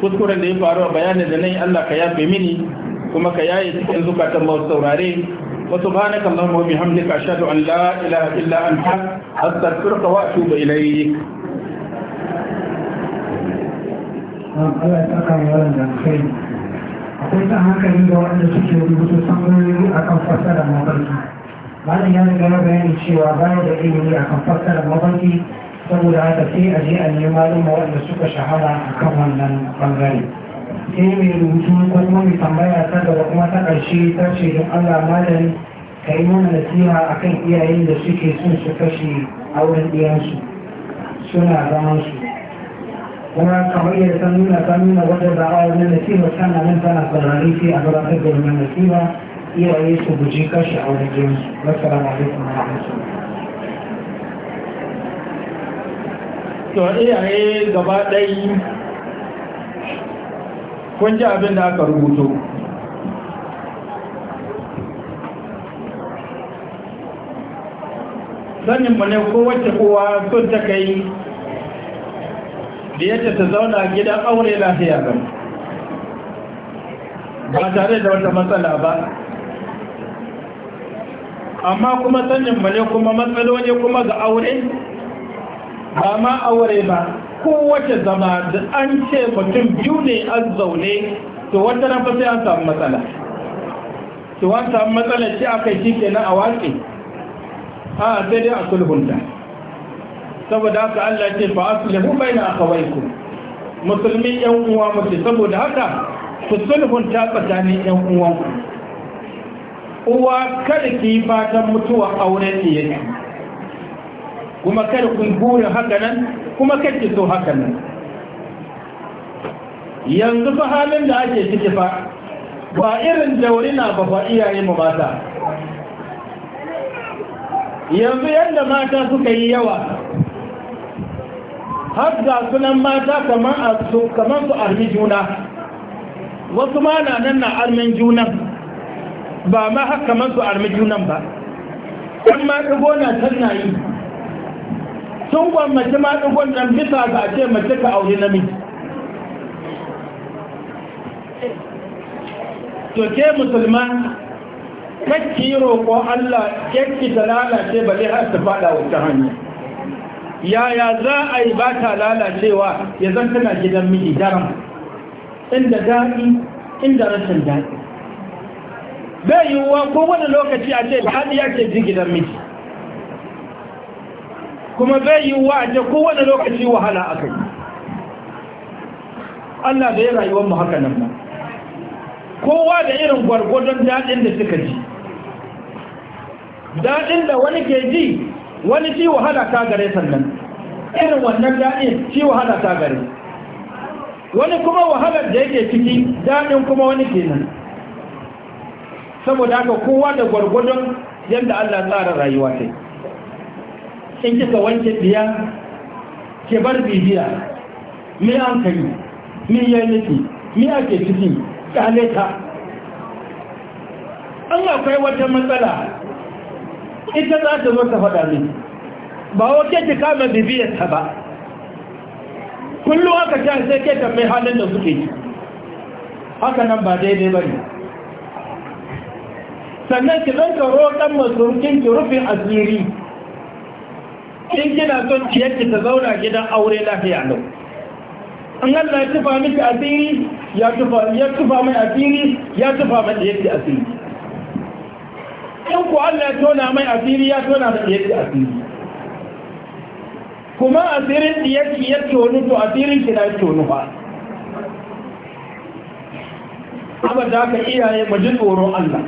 kuskuren da ya faru a bayanin da nayi Allah ka yafe mini kuma ka yaye cikin zukatan masu saurare wa subhanaka allahumma wa bihamdika ashhadu an la ilaha illa anta astaghfiruka wa atubu ilayk Allah ya saka yawan da kai akwai ta hankali da wanda suke rubuta sanarori akan fasara mafarki malam ya riga ya bayani cewa baya da ilimi akan fassara mafarki saboda haka sai a je a nemi malin waɗanda suka shahara a kan wannan ɓangare sai mai rubutu ko kuma mai tambaya ta gaba kuma ta ƙarshe ta ce don allah malami ka yi mana nasiha a kan iyayen da suke son su kashe auren ɗiyansu suna zaman su kuma kamar yadda ta nuna ta nuna wadda za a wani nasiha tana nan tana sarari sai a gabatar da wannan nasiha iyaye su guji kashe auren ɗiyansu wasu alaikum wa rahmatullahi to iyaye gaba ɗai kun ji abin da aka rubuto saninmu ne kowace kowa sun ta kai da yadda ta zauna gidan aure lafiya ba ba tare da wata matsala ba amma kuma saninmu ne kuma matsaloli kuma ga aure ba ma aure ba kowace zama da an ce mutum biyu ne an zaune to wata na fa sai an samu matsala to an samu matsala ce aka yi na a watsi a sai dai a sulhunta saboda haka Allah ce fa aslihu baina akhawaykum musulmi yan uwa mutum saboda haka ku sulhunta tsakanin yan uwanku uwa kada ki fatan mutuwa auren yake kuma kada ku burin haka nan kuma kake so haka nan yanzu fa halin da ake ciki fa ba irin jaurina ba fa iyaye mu mata yanzu yadda mata suka yi yawa har ga sunan mata kamar a su kamar su armi juna wasu ma na nan na armin junan ba ma haka kamar su armi junan ba amma ɗigo na can na yi sun mace ma ɗigon ɗan bisa ga ce mace ka aure namiji to ke musulman kakki roƙo Allah kakki ta lalace ba zai har ta faɗa wata hanya yaya za a yi ba ta lalacewa ya zan tana gidan miji daram inda daɗi inda rashin daɗi bai yiwuwa ko wani lokaci a ce haɗi ya ce ji gidan miji kuma zai yi wa a kowane lokaci wahala a kai Allah da ya rayuwar mu haka nan ba kowa da irin gwargwadon daɗin da suka ji daɗin da wani ke ji wani ci wahala ta gare sannan irin wannan daɗin ci wahala ta gare wani kuma wahalar da yake ciki daɗin kuma wani kenan saboda haka kowa da gwargwadon yadda Allah tsara rayuwa ta yi in kika wanke biya ke bar bibiya mi an kai mi yayi miki mi ake ciki kale ta an akwai wata matsala ita za ta zo ta faɗa ne. ba wace ki kama bibiyar ta ba kullum aka ta sai ke mai halin da suke haka nan ba daidai ba ne sannan ki zanka roƙon masurkin ki rufin asiri in gina son ciyarki ta zauna gidan aure lafiya lau an Allah ya tufa miki asiri ya tufa ya tufa mai asiri ya tufa mai ciyarki asiri in ku Allah ya tona mai asiri ya tona mai ciyarki asiri kuma asirin ciyarki ya tonu to asirin ki na tonu ba da ka iyaye mu ji tsoron Allah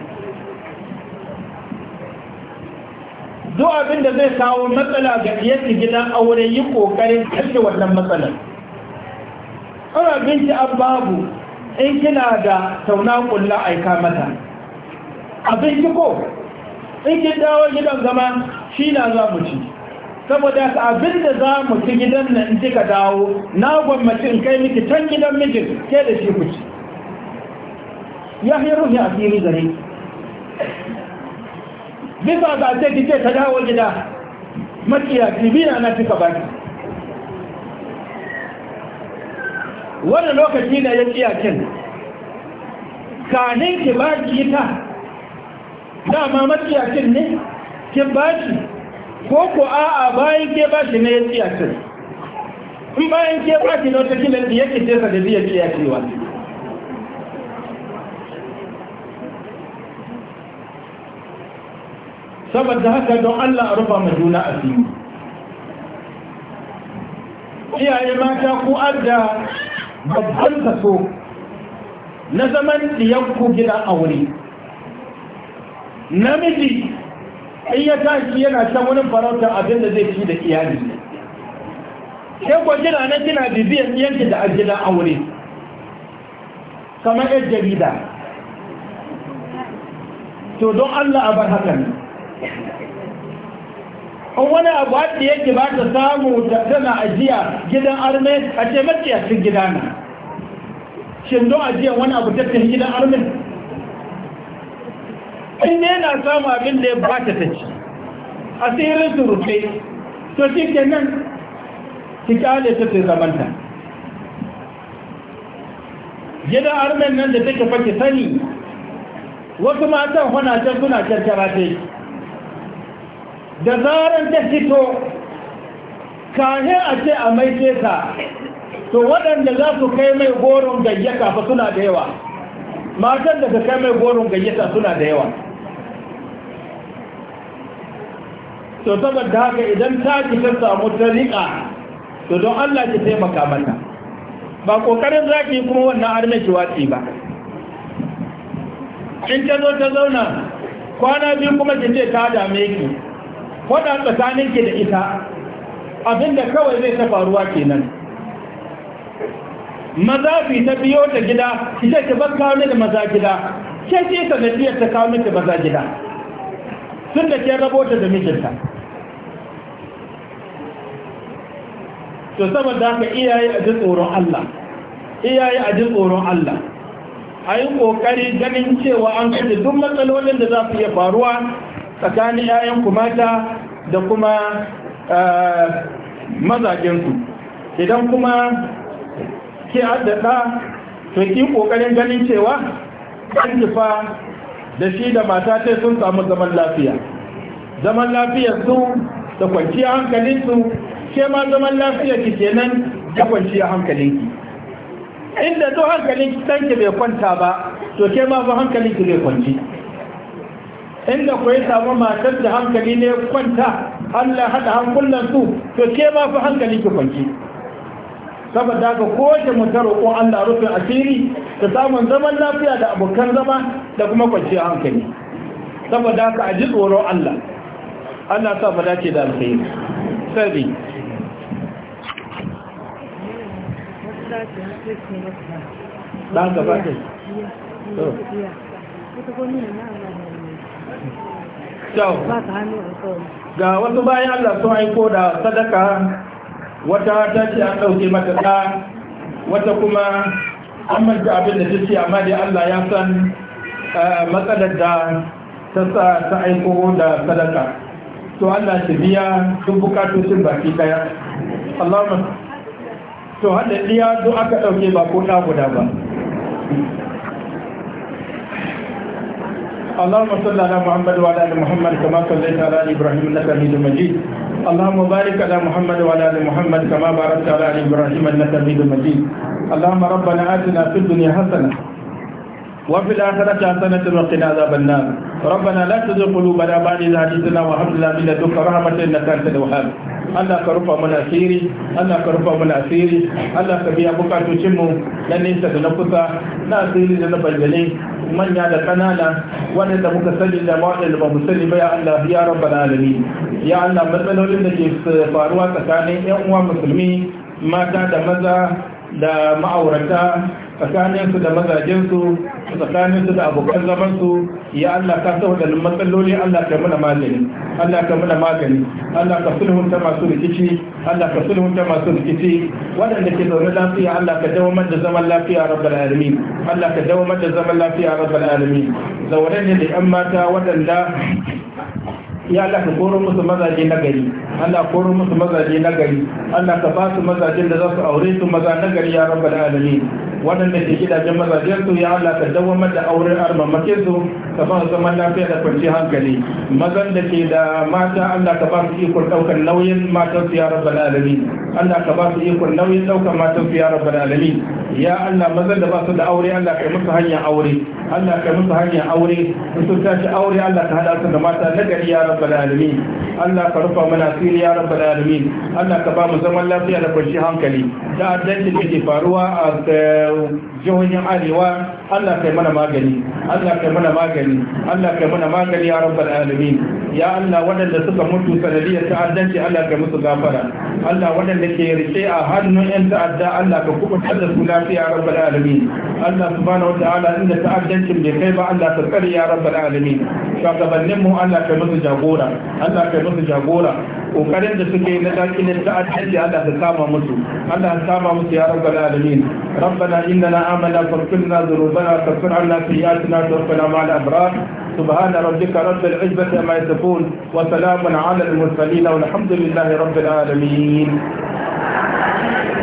duk abin da zai kawo matsala ga iyaki gidan aure yi kokarin kashe wannan matsalar an a ki an babu in kina da tauna kulla aika mata abin ki ko in ki dawo gidan zama shi na za mu ci saboda ka abin da za mu ci gidan nan in kika dawo na gwammaci in kai miki can gidan mijin ke da shi ku ci ya hiru ya asiri gare ki bisa ga ce ki ta dawo gida makiya bina na kika baki wani lokaci ne ya kiyakin kanin ki baki ta dama kin ne kin baki ko ko a'a bayan ke baki ne ya kin in bayan ke ba na lokacin kila da yake ce sa kiya kin wani saboda haka don Allah a rufa ma juna asiri iyaye mata ku adda babban kaso na zaman ɗiyanku gidan aure namiji in ya tashi yana can wani farauta abin da zai ci da iyali ke kwa gina na gina bibiyar yanki da gida aure kamar yan jarida to don allah a haka hakan in wani abu haɗe yake ba ta samu da tana ajiya gidan armen a ce mace a cikin gida na shin don ajiya wani abu ta cikin gidan armen? in ne na samu abin da ya ba ta ta ci asirin su rufe to shi ke nan ki kyale ta ta zamanta gidan armen nan da take fake sani wasu matan hana can suna kyarkyara ta yi da zarar ta fito kahin a ce a maike ta to waɗanda za su kai mai goron gayyata fa suna da yawa matan da ka kai mai goron gayyata suna da yawa to saboda haka idan ta ki ta samu tariƙa to don Allah ki taimaka mata ba ƙoƙarin za ki yi kuma wannan arna ki watsi ba in ta zo ta zauna kwana biyu kuma ki ce ta dame ki faɗa tsakanin ki da ita abinda kawai zai ta faruwa kenan maza fi ta biyo ta gida ki ce ta bar kawo da maza gida ke ce sanadiyar ta kawo miki maza gida sun da ke ta da mijinta to saboda haka iyaye a ji tsoron Allah iyaye a ji tsoron Allah a yi ƙoƙari ganin cewa an kaji duk matsalolin da za su iya faruwa tsakanin 'ya'yanku mata da kuma mazajensu idan kuma ke addada to ki kokarin ganin cewa an kifa da shi da mata sai sun samu zaman lafiya zaman lafiyar su da kwanciya hankalin su ke ma zaman lafiyar ki kenan da kwanciya hankalin ki inda to hankalin ki sanke bai kwanta ba to ke ma ba hankalin ki bai kwanci inda ku ya samu matar da hankali ne kwanta Allah haɗa hankulan su to ke ma fi hankali ki kwanci saboda ga kowace mutar ta Allah rufin asiri a samun zaman lafiya da abokan zama da kuma kwanciyar hankali saboda ka aji tsoro Allah Allah sa fada ce da alkhairi sai Dan ka ba kyau ga wasu bayan Allah sun aiko da sadaka wata ta ce an ɗauke mata wata kuma an manta abin da ta ce amma dai Allah ya san eh, matsalar da ta sa ta aiko da sadaka to Allah shi biya duk bukatocin baki ɗaya Allah to hada ɗiya duk aka ɗauke ba ko ta guda ba اللهم صل على محمد وعلى ال محمد كما صليت على ال ابراهيم انك حميد مجيد اللهم بارك على محمد وعلى ال محمد كما باركت على ال ابراهيم انك حميد مجيد اللهم ربنا اتنا في الدنيا حسنه وفي الآخرة حسنة وقنا عذاب النار ربنا لا تزغ قلوبنا بعد إذ هديتنا وهب لنا من لدنك رحمة إنك أنت الوهاب الله ka من أسيري الله Allah من أسيري الله asiri Allah ka لن bukatocinmu na لا da na manya da kanana waɗanda muka sani da waɗanda ba mu sani ba ya Allah ya rabbal alamin ya Allah matsalolin da ke faruwa tsakanin yan uwa musulmi mata da maza da ma'aurata tsakaninsu da mazajensu tsakaninsu da abokan zamansu ya Allah ka sa waɗannan matsaloli Allah ka muna magani Allah ka muna magani Allah ka sulhunta masu rikici Allah ka sulhunta masu rikici waɗanda ke zaune lafiya Allah ka dawo da zaman lafiya rabbal alamin Allah ka dawo da zaman lafiya rabbal alamin zaune ne da 'yan mata waɗanda ya Allah ka koro musu mazaje na gari Allah koro musu mazaje na gari Allah ka ba su mazajen da za su aure su maza na gari ya rabbal alamin waɗanda ke gidajen mazajen su ya Allah ka dawamar da auren armamakin su ka ba zaman lafiya da kwanci hankali mazan da ke da mata Allah ka ba su ikon ɗaukar nauyin matan su ya rabbal alamin Allah ka ba su ikon nauyin ɗaukar matan su ya rabbal alamin ya Allah mazan da ba su da aure Allah ka yi musu hanyar aure Allah ka yi musu hanyar aure sun tashi aure Allah ka hada su da mata na gari ya rabbal alamin Allah ka rufa mana asiri ya rabbal alamin Allah ka ba mu zaman lafiya da kwanci hankali da addancin da ke faruwa a eh, jihohin arewa Allah kai mana magani Allah kai mana magani Allah kai mana magani ya rabbal alamin ya Allah waɗanda suka mutu sanadiyar ta'addanci Allah kai musu gafara Allah waɗanda ke rike a hannun yan ta'adda Allah ka kubutar da su lafiya ya rabbal alamin Allah subhanahu wataala inda ta'addancin bai kai ba Allah ka tsare ya rabbal alamin shugabannin mu Allah kai musu jagora Allah kai musu jagora kokarin da suke na dakilar ta'addanci Allah ka kama musu Allah ka kama musu ya rabbal alamin rabbana innana amana farqilna dhunubana kaffir 'anna sayyi'atina wa tawaffana ma'al abrar سبحان ربك رب العزة ما يصفون وسلام على المرسلين والحمد لله رب العالمين